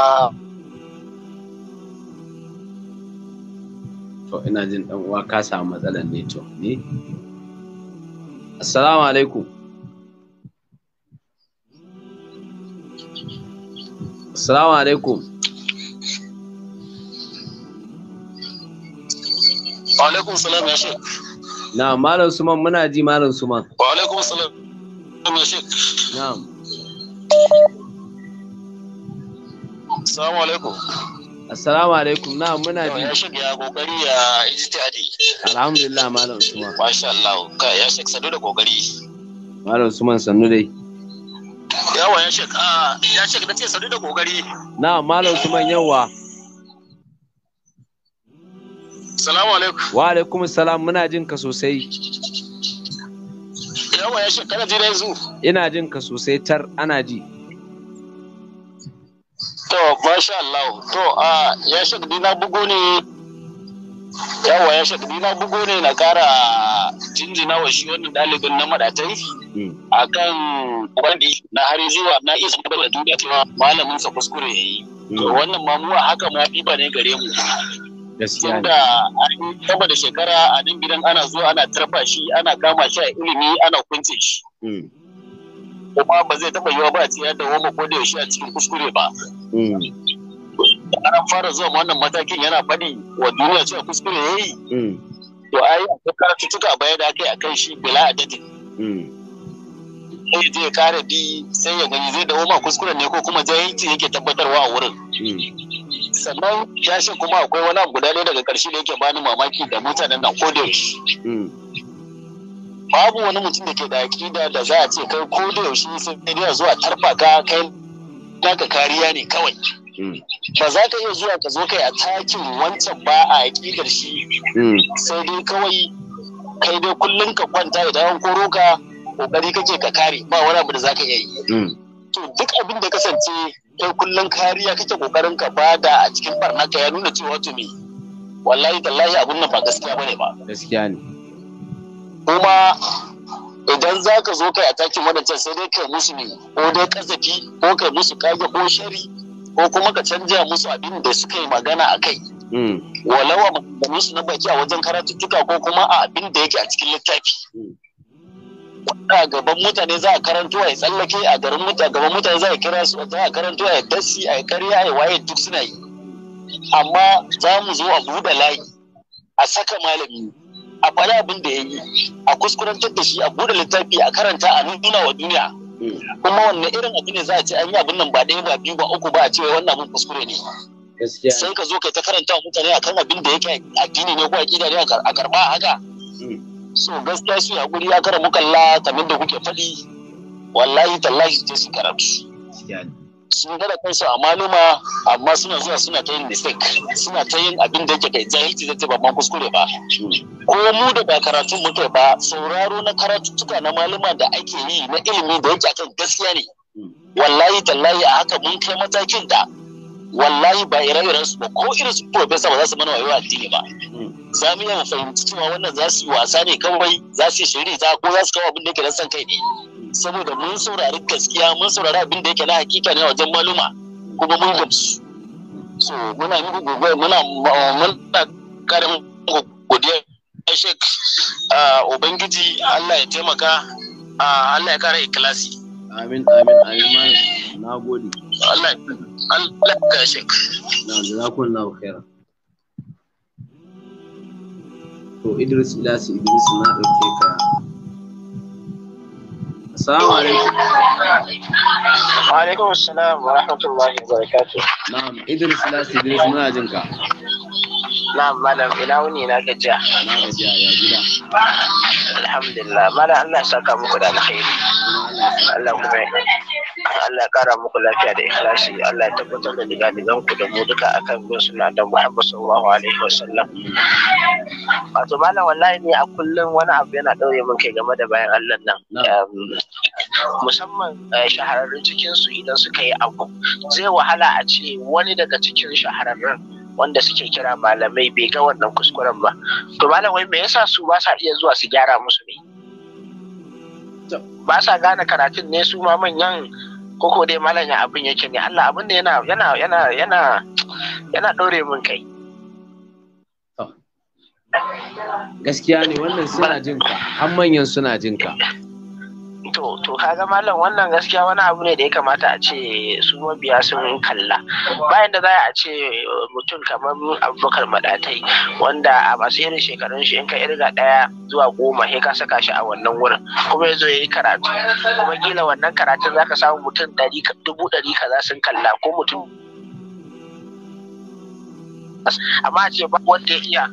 to ina jin dan uwa ka samu matsalar ne to ne Assalamu alaikum. Assalamu alaikum. Wa alaikum salam ya shek. Na Malam Suman muna ji Malam Suman. Wa alaikum salam ya shek. Na'am. Assalamu alaikum. Assalamu alaikum. Na muna bi. Ya shiga ya kokari ya ijtihadi. Alhamdulillah malam Usman. Masha Allah. Ka ya shiga sanu da kokari. Malam Usman sannu dai. Yawa ya shiga ah, ya shiga ce sanu da kokari. Na malam Usman yawa. Assalamu alaikum. Wa alaikum assalam muna jin ka sosai. Yawa ya shiga kana ji yanzu. Ina jin ka sosai tar ana ji. to masha Allah to a ya shakdi na bugu ne yawa ya shakdi na bugu ne na kara jinjina wa shi wannan dalibin na madatai hmm. a kan kwandi na har zuwa na isa da duniya cewa malamin sa kuskure yayi hmm. wannan mamuwa haka ma ba ne gare mu gaskiya da an da shekara a nan gidan ana zuwa ana tarfa shi ana kama shi a ilimi ana kunce shi hmm. kuma ba zai taba yiwa ba a ciyar da wani ko da yaushe a cikin kuskure ba da fara zuwa wannan matakin yana faɗi wa duniya cewa kuskure ya yi mm. to ai akwai karatuttuka baya da aka yi a kan shi bila adadin mm. sai zai kare bi sai ya gani zai dawo ma kuskuren ne ko kuma jahilci yake tabbatarwa a wurin mm. sannan yashin kuma akwai wani abu guda daga ƙarshe da yake bani mamaki da mutanen nan kodayaushe babu wani mutum da ke da akida da za a ce kai kodayaushe sai dai zuwa tarfa ka kai baka kariya ne kawai hmm. ba za ka iya zuwa ka zo kai a takin wancan ba a aƙidar shi hmm. sai dai kawai kai dai kullum ka kwanta da an koro ka kokari kake ka kare ba wani abu da za ka iya yi hmm. to duk abin da kasance kai kullum kariya kake kokarin ka bada a cikin barna ya nuna cewa to me wallahi tallahi abun nan ba gaskiya bane ba gaskiya ne kuma idan za ka zo kai atakin wadancan sai dai kai musu ne ko dai kazafi ko kai musu kage ko shari ko kuma ka canja musu abin da suka yi magana a kai hmm. walau a maganganun su na baki a wajen karatuttuka ko kuma a abin da yake a cikin littafi hmm. a gaban mutane za a karanto a tsallake a garin mutane gaban mutane za a kira su za a karanto a dasi a karya a waye duk suna yi amma za mu zo a buɗe layi a saka malami a faɗi abin da ya yi a kuskurantar da shi a buɗe littafi a karanta a nuna wa duniya hmm. kuma wanne irin abu ne za a ce an yi abin nan ba ɗaya ba biyu ba uku ba a ce wannan abin kuskure ne sai ka zo kai ta karanta wa mutane akan abin da yake addini ne ko a ne a karɓa haka hmm. so gaskiya a guri ya kara mukalla kamar da kuke faɗi wallahi tallahi sai su karatu sun da kansu a maluma amma suna zuwa suna ta yin mistake suna ta yin abin da yake kai jahilci zai ba ma kuskure ba ko mu da ba karatu muke ba sauraro na karatutuka na maluma da ake yi na ilimi da yake akan gaskiya ne wallahi tallahi a haka mun kai matakin da wallahi ba ire-iren su ba ko irin su profesa ba za su mana wayo addini ba za mu iya fahimci cewa wannan za su wasa ne kawai za su yi shiri za ko za su kawo abin da yake da san kai ne saboda mun saurari gaskiya mun saurari abin da yake na hakika ne wajen maluma kuma mun gamsu so muna muku gobe muna muna karin godiya shek ah, ubangiji Allah ya taimaka ah, Allah ya kara ikilasi amin amin amin na gode Allah Allah ka shek na na khairan to Idris Ilasi Idris na dauke ka Assalamu alaikum. Wa alaikum wa rahmatullahi wa barakatuh. Na'am, Idris Lasi Idris muna ka. Na'am, malam ina wuni na gajiya na gajiya ya gida alhamdulillah malam Allah saka muku da alkhairi Allah kuma Allah kara muku lafiya da ikhlasi Allah ya tabbatar da diga-digan ku da mu duka akan bin suna da Muhammad sallallahu alaihi wasallam wato malam wallahi ni a kullum wani abu yana daure min kai game da bayan Allah nan musamman eh, shahararrun cikin su idan suka yi abu zai wahala a ce wani daga cikin shahararrun wanda suke kira malamai bai ga wannan kuskuren ba to malam wai me yasa su ba sa iya zuwa su gyara musu ne ba sa gane karatun ne su ma manyan koko dai malam ya abin yake ne Allah abin da yana yana yana yana yana dore min kai gaskiya ne wannan suna jinka har manyan suna jinka to to kaga malam wannan gaskiya wani abu ne da ya kamata a ce su mabiya sun kalla bayan da za a ce mutum kamar abubakar madatai wanda a masu irin shekarun shi in ka irga daya zuwa goma sai ka saka shi a wannan wurin kuma ya zo ya yi karatu kuma gila wannan karatun zaka samu mutum dubu ka kaza sun kalla ko mutum amma a ce babu wanda ya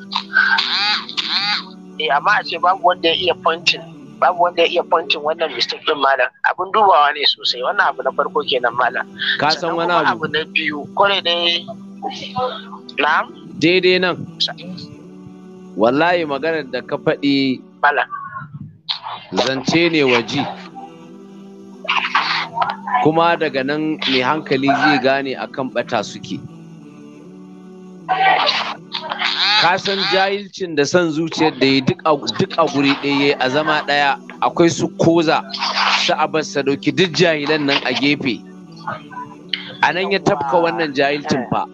iya eh, amma a ce babu wanda ya iya pointing babu wanda ya iya pointin wannan mistake din malam abin dubawa ne sosai wannan abu na farko kenan malam ka san wani abu abu na biyu kore ne na'am daidai nan wallahi maganar da ka faɗi malam zance ne waji kuma daga nan mai hankali zai gane akan bata suke ka san jahilcin da san zuciyar da ya duk a guri ɗaya a zama ɗaya akwai su koza sa'abar sadoki duk jahilan nan a gefe a nan ya tafka wannan jahilcin fa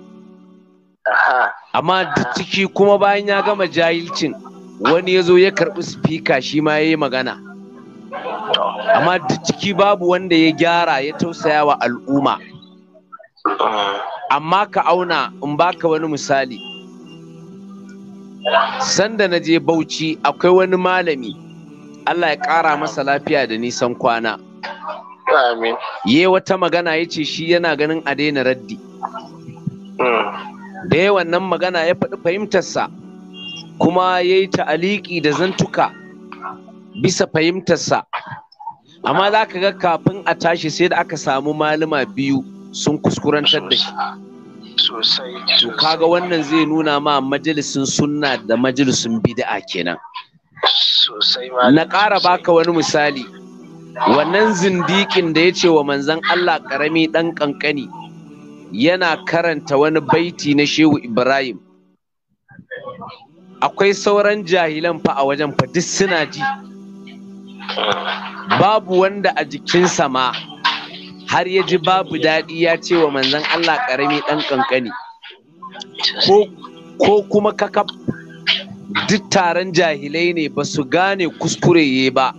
amma ciki kuma bayan ya gama jahilcin wani ya zo ya karɓi spika shi ma ya yi magana amma duk ciki babu wanda ya gyara ya tausaya wa al'umma amma ka auna in baka wani misali sanda na je bauchi akwai wani malami Allah ya ƙara masa lafiya da nisan kwana Amin. Ye wata magana ya ce shi yana ganin a daina raddi. Hmm. Da ya wannan magana ya faɗi fahimtarsa kuma ya yi ta'aliki da zantuka bisa fahimtarsa. Amma za ka ga kafin a tashi sai da aka samu malama biyu sun kuskurantar da shi. sosai to kaga wannan zai nuna ma majalisin sunna da majalisin bid'a kenan na ƙara baka wani misali wannan zindikin da ya ce wa manzon Allah ƙarami ɗan ƙanƙani yana karanta wani baiti na shehu Ibrahim akwai sauran jahilan fa a wajen fa duk suna ji hmm. babu wanda a jikinsa ma har ya ji babu daɗi ya ce wa Manzon Allah ƙarami ɗan ƙanƙani ko kuma kakaf duk taron jahilai ne ba su gane kuskure ya ba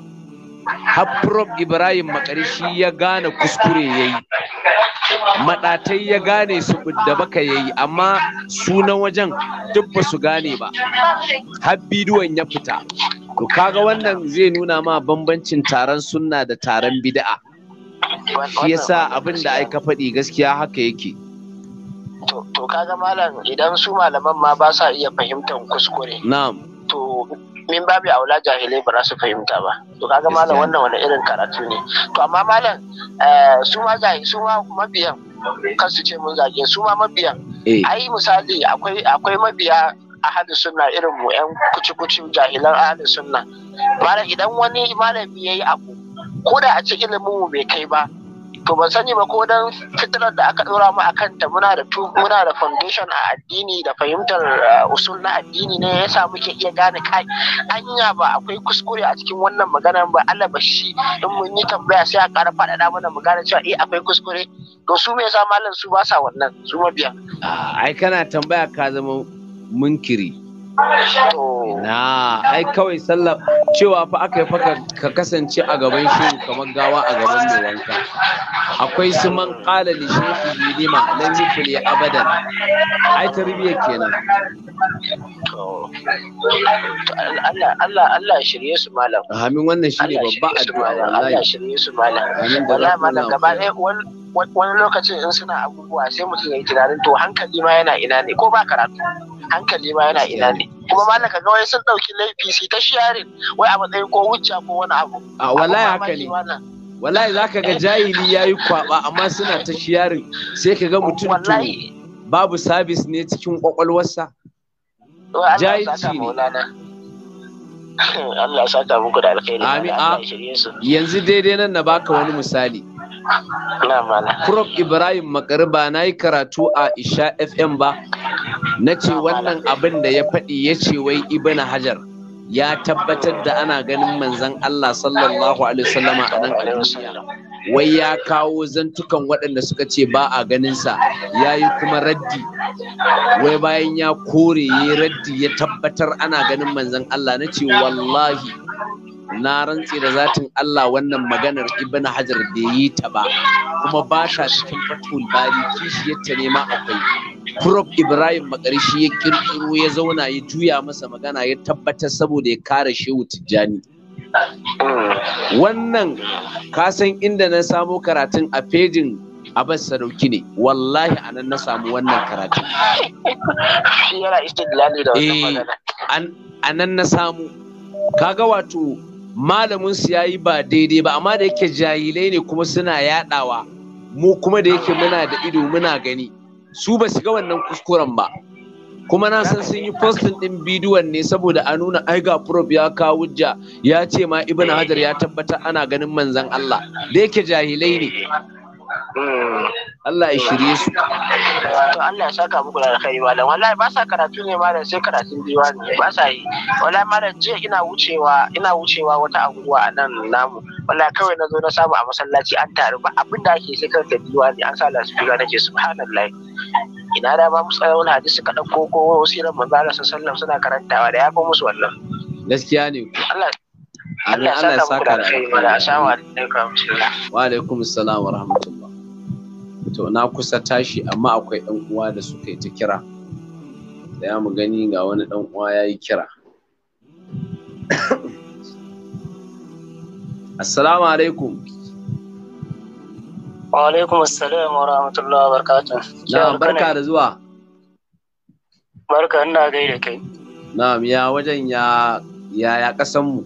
Haprop Ibrahim makarishi ya gane kuskure ya yi maɗatai ya gane su da baka ya yi amma sunan wajen duk ba su gane ba har ya fita to kaga wannan zai nuna ma bambancin taron sunna da taron bida'a shi yasa abin da ai ka faɗi gaskiya haka yake to kaga malam idan su malaman ma ba sa iya fahimtar kuskure na'am to min babu aula jahilai ba su fahimta ba to kaga malam wannan wani irin karatu ne to amma malam eh, su ma su ma mabiyan kan su ce mun zage su ma mabiyan eh. ai misali akwai akwai mabiya ahadu sunna irin mu yan kuci-kuci jahilan ahadu sunna malam idan wani malami yayi abu ko da a ce ilimin mu bai kai ba to ban sani ba ko dan fitilar da aka dora mu akan ta muna da muna da foundation a addini da fahimtar uh, usul na addini ne yasa muke iya gane kai anya ba akwai kuskure a cikin wannan maganar ba Allah ba shi in mun yi tambaya sai a ƙara faɗaɗa mana mu gane cewa eh akwai kuskure to su me yasa malam su ba sa wannan su mabiya ai kana tambaya ka zama munkiri na ai kawai sallah cewa fa aka yi faka ka kasance a gaban shi kamar gawa a gaban mai wanka akwai su man qala li shaykhi lima lam yufli abadan ai tarbiyya kenan Allah Allah Allah shirye su malam amin wannan shine babba addu'a wallahi Allah shirye su malam wallahi malam gaba ɗaya wani lokacin in suna abubuwa sai mutum ya yi tunanin to hankali ma yana ina ne ko ba karatu hankali ma yana ina ne kuma malam ka ga wai sun dauki laifi su ta sharing wai a matsayin ko hujja ko wani abu a wallahi haka ne wallahi zaka ga jahili yayi kwaba amma suna ta sharing sai ka ga mutum babu sabis ne cikin kwakwalwarsa jahilci ne Allah saka muku da alkhairi. Amin. Yanzu daidai nan na baka wani misali. Prof Ibrahim Makarba na yi karatu a Isha FM ba, na ce wannan abin da ya faɗi ya ce wai Ibn Hajar ya tabbatar da ana ganin manzan Allah sallallahu Alaihi wasallama a nan a Wai ya kawo zantukan waɗanda suka ce ba a ganinsa ya yi kuma raddi, wai bayan ya kore ya raddi ya tabbatar ana ganin manzan Allah na ce wallahi na rantse da zatin Allah wannan maganar Ibn Hajar bai yi ta ba kuma ba ta cikin fatul bari kishiyarta ne ma akwai Prof Ibrahim Makarishi ya kirkiro ya zauna ya juya masa magana ya tabbatar saboda ya kare Shehu Tijjani wannan kasan inda na samo karatun a fejin Abbas Sadauki ne wallahi anan na samu wannan karatun yana anan eh, na samu kaga wato malamin su yayi ba daidai ba amma da yake jahilai ne kuma suna yadawa mu kuma da yake muna da ido muna gani su ba su ga wannan kuskuren ba kuma na san sun yi postin din bidiyon ne saboda a nuna ai ga prof ya kawo hujja ya ce ma ibn hajar ya tabbata ana ganin manzon Allah da yake jahilai ne Hmm. Allah ya shirye su. Allah ya saka muku da alkhairi malam. Wallahi ba sa karatu ne malam sai karatun ne? ba sa yi. Wallahi malam je ina wucewa ina wucewa wata anguwa a nan namu. Wallahi kawai na zo na samu a masallaci an taru ba abin da ake sai biwa ne an sa biwa nake subhanallahi. Ina da ba musu wani hadisi kaɗan ko ko sirar manzo Allah sallallahu suna karantawa da ya fi musu wallan. Gaskiya ne. Allah Allah ya saka muku da alkhairi malam. Assalamu alaikum. Wa alaikum salam wa rahmatullahi. to na kusa tashi amma akwai ɗan uwa da suka yi ta kira da ya mu gani ga wani ɗan uwa ya yi kira assalamu alaikum wa alaikum assalamu wa rahmatullahi wa na barka da zuwa barka ina gaida kai Na ya wajen ya ya ya kasan mu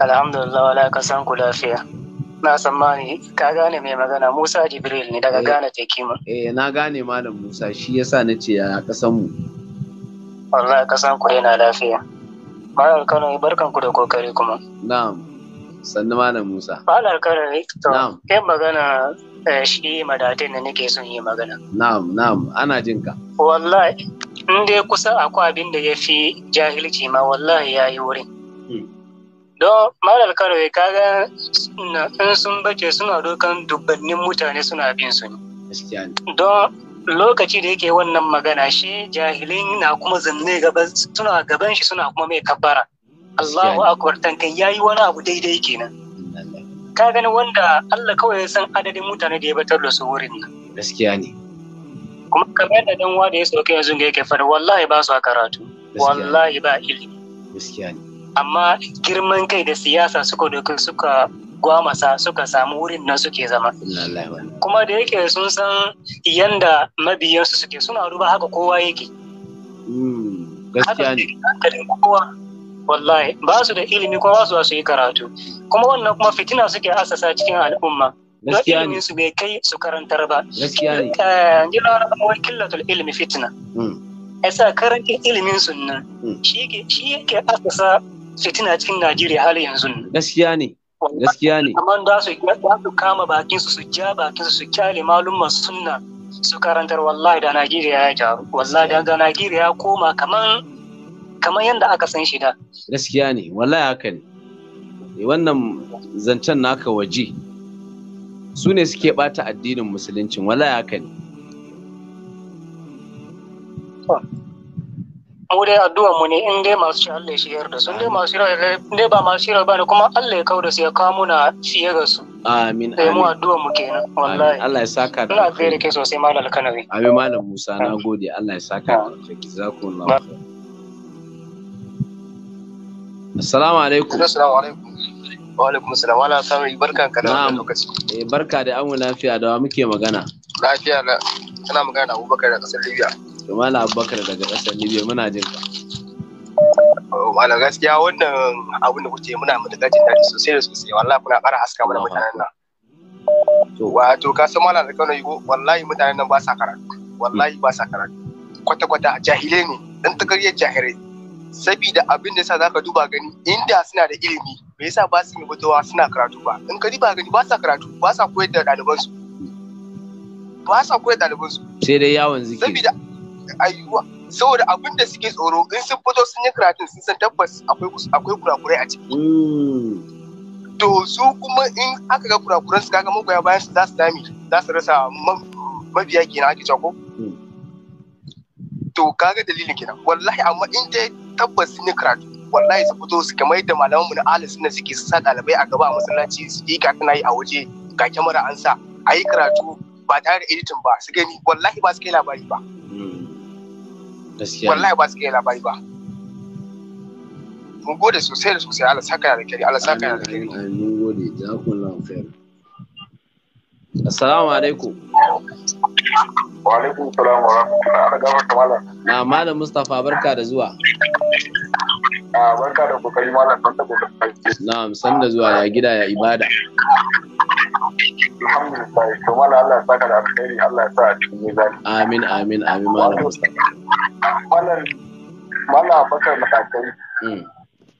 alhamdulillah wala kasan ku lafiya na tsammani ka gane mai magana Musa Jibril ne daga eh. Ghana ta kima. Eh na gane malam Musa shi yasa na ce a kasan mu. Wallahi kasan ku yana lafiya. Malam Kano barkan ku da kokari kuma. Na'am. Sannu malam Musa. Malam Kano ne. Eh, na'am. Kai magana eh, shi madatin da nake son yi magana. Na'am na'am ana jin ka. Wallahi in dai kusa akwai abin da ya fi jahilci ma wallahi ya yi wurin. Hmm. don malar karwe eh, kaga in sun bace suna dokan dubbannin mutane suna bin su ne don lokaci da yake wannan magana shi jahilin na kuma zanne suna gaban shi suna kuma mai kabbara Allahu akbar tankan yayi wani abu daidai kenan ka gani wanda Allah kawai ya san adadin mutane da ya batar da su wurin nan gaskiya ne kuma kamar da dan wa da ya sauke yanzu ga yake fara wallahi ba su karatu wallahi ba ilimi gaskiya ne amma girman kai da siyasa suka doka suka gwamasa suka samu wurin nan suke zama kuma da yake sun san yanda mabiyansu suke suna ruba haka kowa yake hmm, gaskiya ne wallahi ba su da ilimi kuma ba su yi karatu kuma wannan kuma fitina suke asasa cikin al'umma Gaskiya ne. su bai kai su karantar ba gaskiya ne jira eh, na wai killatul ilmi fitina hmm. yasa karantar ilimin sun nan hmm. shi yake asasa fitina cikin Najeriya hali yanzu gaskiya ne gaskiya ne amma da su su kama bakin su su ja bakin su su kyale malumman sunna su karantar wallahi da Najeriya ya jaru wallahi da Najeriya ya koma kaman kaman yanda aka san shi da gaskiya ne wallahi haka ne eh, wannan zancen naka waje su ne suke bata addinin musuluncin wallahi haka ne mu dai addu'ar mu ne in dai masu shi Allah ya shigar da su in dai masu shirar in ba masu shirar ba ne kuma Allah ya kawo da su ya kawo muna fiye da su amin eh, amin mu addu'ar mu kenan wallahi Allah ya saka da ina fiye da kai sosai malam alkanawi amin malam Musa na gode Allah ya saka da kai jazakumullahu Assalamu alaikum Assalamu alaikum wa alaikum assalam wala sami barka ka da lokaci eh barka da amu lafiya da muke magana lafiya na Ina magana da Abubakar da kasar Libya to abubakar daga ƙasar libya muna jin ka wala oh, gaskiya wannan abin da kuke muna matuƙar jin daɗi sosai da sosai wallahi kuna ƙara haska mana mutanen nan wato ka san malam da kano yigo wallahi mutanen nan ba sa karatu wallahi ba sa karatu kwata-kwata jahilai ne dan takariyar jahilai sabida abin da sa zaka duba gani inda suna da ilimi me yasa ba su yi fitowa suna karatu ba in ka duba gani ba sa karatu ba sa koyar da ɗalibansu ba sa koyar da ɗalibansu sai dai yawon zikiri ayyuwa saboda abin da suke tsoro in sun fito sun yi karatun sun san tabbas akwai akwai kurakurai a ciki hmm. to su kuma in aka ga kurakuran su kaga magoya bayan su za su dami za su rasa mabiya kenan ake cewa ko hmm. to kaga dalilin kenan wallahi amma in dai tabbas sun yi karatu wallahi su fito su kamar yadda malaman mu na alis suna suke sa ɗalibai a gaba a masallaci su yi ka tana yi a waje ga kyamara an sa a yi karatu ba tare da editin ba su gani wallahi ba su kai labari ba wallahi ba su iya labari ba mun gode sosai da sosai Allah saka da kare Allah saka da kare mun gode kullum khair Assalamu alaikum. Wa alaikum salam wa rahmatullahi malam. Na malam Mustapha barka da zuwa. Ah barka da kokari malam san da kokari. Na'am san da zuwa ya gida ya ibada. Alhamdulillah to malam Allah ya saka da alheri Allah ya sa a cikin zaki. Amin amin amin malam Mustapha. Malam malam Abubakar Matakai. Hmm.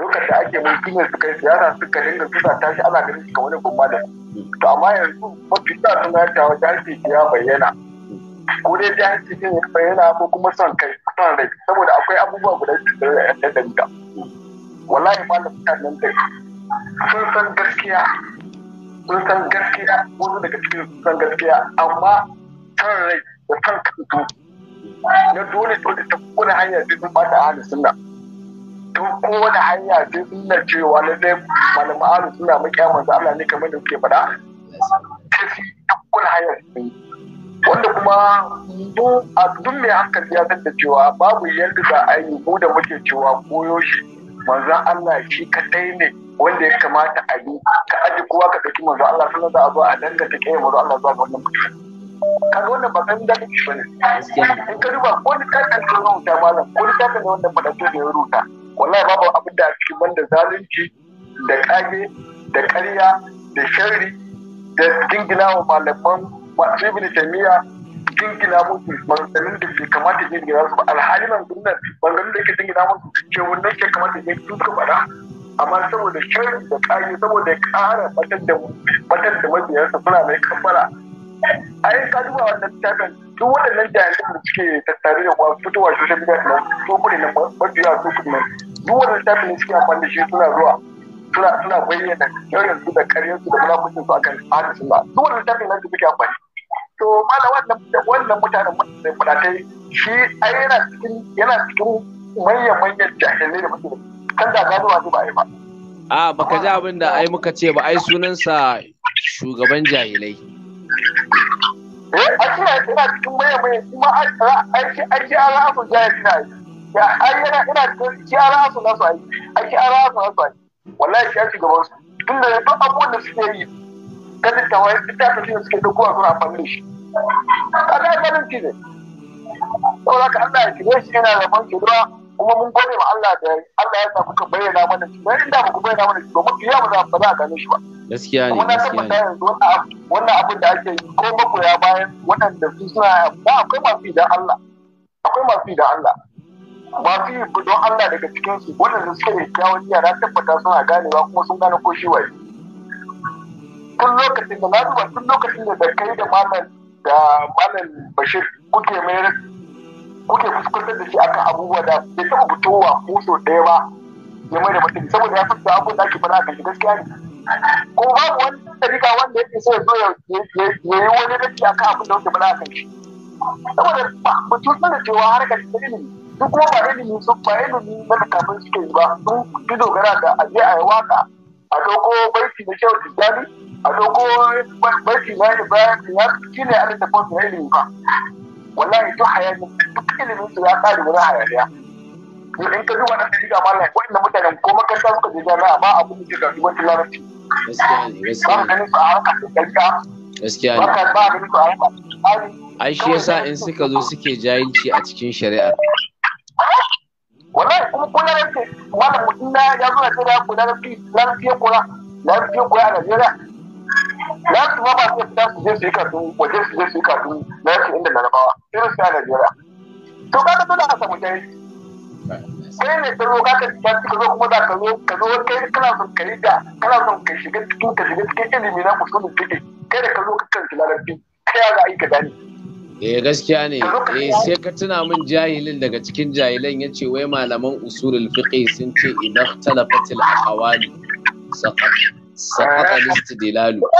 lokacin da ake mulki kimiyya su kai siyasa ka dinga suka tashi ana ganin ka wani gumma da to amma yanzu mafi sa sun ga cewa jahilci ya bayyana ko dai jahilci ne ya bayyana ko kuma son kai son rai saboda akwai abubuwa guda su da ya danganta wallahi malam mutanen da sun san gaskiya sun san gaskiya Wani daga cikin sun san gaskiya amma son rai da son kanto na dole dole ta kuna hanyar sun ba a hana sunna duk wani hanya sai na cewa lallai malaman ahlus suna makiya masu Allah ne kamar da suke faɗa tafi dukkan hanyar su wanda kuma mu a duk mai hankali ya zata da cewa babu yadda za a yi mu da muke cewa koyo shi Allah shi kadai ne wanda ya kamata a yi ka aji kowa ka ɗauki manzan Allah sannan za a zo a ta kai manzan Allah a wannan mutum kaga wannan ba san da shi bane in ka duba ko ni ka kan rubuta malam ko ni ka kan wanda fada da ya rubuta Wannan babu abin da a cikin banda zalunci da kage da ƙarya da sharri da jingina wa malaman masu ibn tamiya jingina musu bangarin da ke kamata ne gina su alhali nan gunnan da ke jingina musu ce wannan ke kamata ne su ka amma saboda sharri da kage saboda ƙara batar da batar da suna mai A ai ka duba wannan littafin duk waɗannan jami'an da suke tattare da fitowa shi media nan su kudi na mafiya su kudi nan duk wani littafin da suke amfani da shi suna zuwa suna suna bayyana yawan su da karyar su da kuma mulakucin su akan ahli sunna duk wani tafi ne suke amfani to mala wannan wannan mutanen mutane fadakai shi ai yana cikin yana cikin manyan manyan jahilai da mutane kan da gano ba ba ai ba a baka ji abin da ai muka ce ba ai sunansa shugaban jahilai eh a cikin yana cikin manyan manyan kuma ai ai ai ai ai ai ya har yana ina cikin shi ara su na su a ai shi ara su na su ayi wallahi shi ya ci gaban su tun da duk abubuwan da suke yi ta tattawa ya fita ta shi suke duk kuwa suna amfani da shi ka ga ganin ki ne saboda ka Allah ya kire shi yana da ban ruwa kuma mun gode ma Allah da Allah ya sa kuka bayyana mana shi dan inda ku bayyana mana shi ba mun iya ba za ba za a gane shi ba gaskiya ne gaskiya ne wannan abin da ake yi ko magoya bayan waɗanda su suna ba akwai masu idan Allah akwai masu idan Allah masu yi don Allah daga cikin su waɗanda suka yi kyawun yara tabbata suna ganewa kuma sun gane ko shi waye tun lokacin da na duba tun lokacin da kai da malam da malam bashir kuke mai kuke fuskantar da shi akan abubuwa da bai taɓa fitowa ko so ɗaya ba ya mai da mutum saboda ya da abubuwa da ake fara a kan gaskiya ne ko babu wani tarika wanda yake so ya zo ya yi wani rashi akan abin da wuce fara a kan shi saboda ba mutum sanar cewa harkar ne duk kuma ba ilimi sun ba ilimi na littafin suke ba sun fi dogara da ajiye a yi waka a doko barci da kyau tijjani a doko barci na yi bayan ya shi ne a littafin su ilimi ba wallahi duk hayani duk ilimin su ya kare wani hayaniya to in ka duba na ka shiga mallam wanda mutanen ko makarta suka je jami'a ba a kuma ke gasu duban larabci gaskiya ne gaskiya ne ganin su a harkar ba ganin su a harkar ai shi yasa in suka zo suke jahilci a cikin shari'a Wannan, kuma ko larabci malam mutum na ya zo na ce ya koyi larabci larabci ya koya larabci ya koya a Najeriya larabci ma ba sai fita su je su yi karatu waje su je su yi karatu larabci inda na larabawa irin su a Najeriya to kaga dole a samu jahilci sai ne ka zo ka ka ta ka zo kuma za ka zo ka zo kai kana son ka yi da kana son ka shiga cikin ka shiga cikin ilimi na usulun fiqh kai da ka zo ka kan larabci kai za a yi ka dani eh gaskiya ne eh sai ka tuna min jahilin daga cikin jahilan ya ce wai malaman usulul fiqh sun ce idan talafatil aqwali saqat saqat eh. al-istidlalu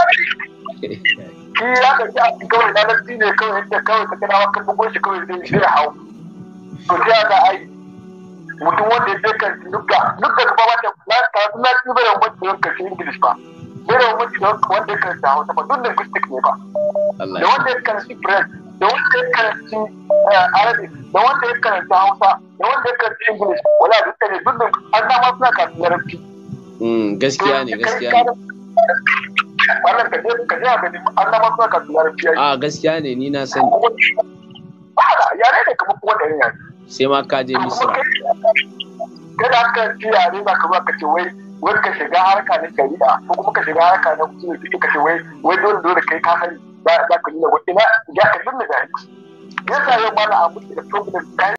eh, kawai ne kawai kawai ka shi kawai shi hau mutum wanda ya kan nugga nugga ka ba ta ta na ci bare mu da kan English ba bare mu da wanda kan sa Hausa ba duk da ne ba da wanda kan shi French da wanda ya karanci eh, arabic da wanda ya karanci hausa da wanda ya karanci english wala duk da duk da an dama suna ya larabci mm, gaskiya ne gaskiya ne wannan ka je ka je a gani an dama suna karatun larabci a ah, gaskiya ne ni na sani yare ne kamar da yanayi. sai ma ka je misira kada aka ci yare ba kamar ka ce wai wai ka shiga harka na shari'a ko kuma ka shiga harka na kuɗi da ka ce wai wai dole dole kai ka sani za ka yi na wani za ka yi da ya yasa yau mana abu da tobi da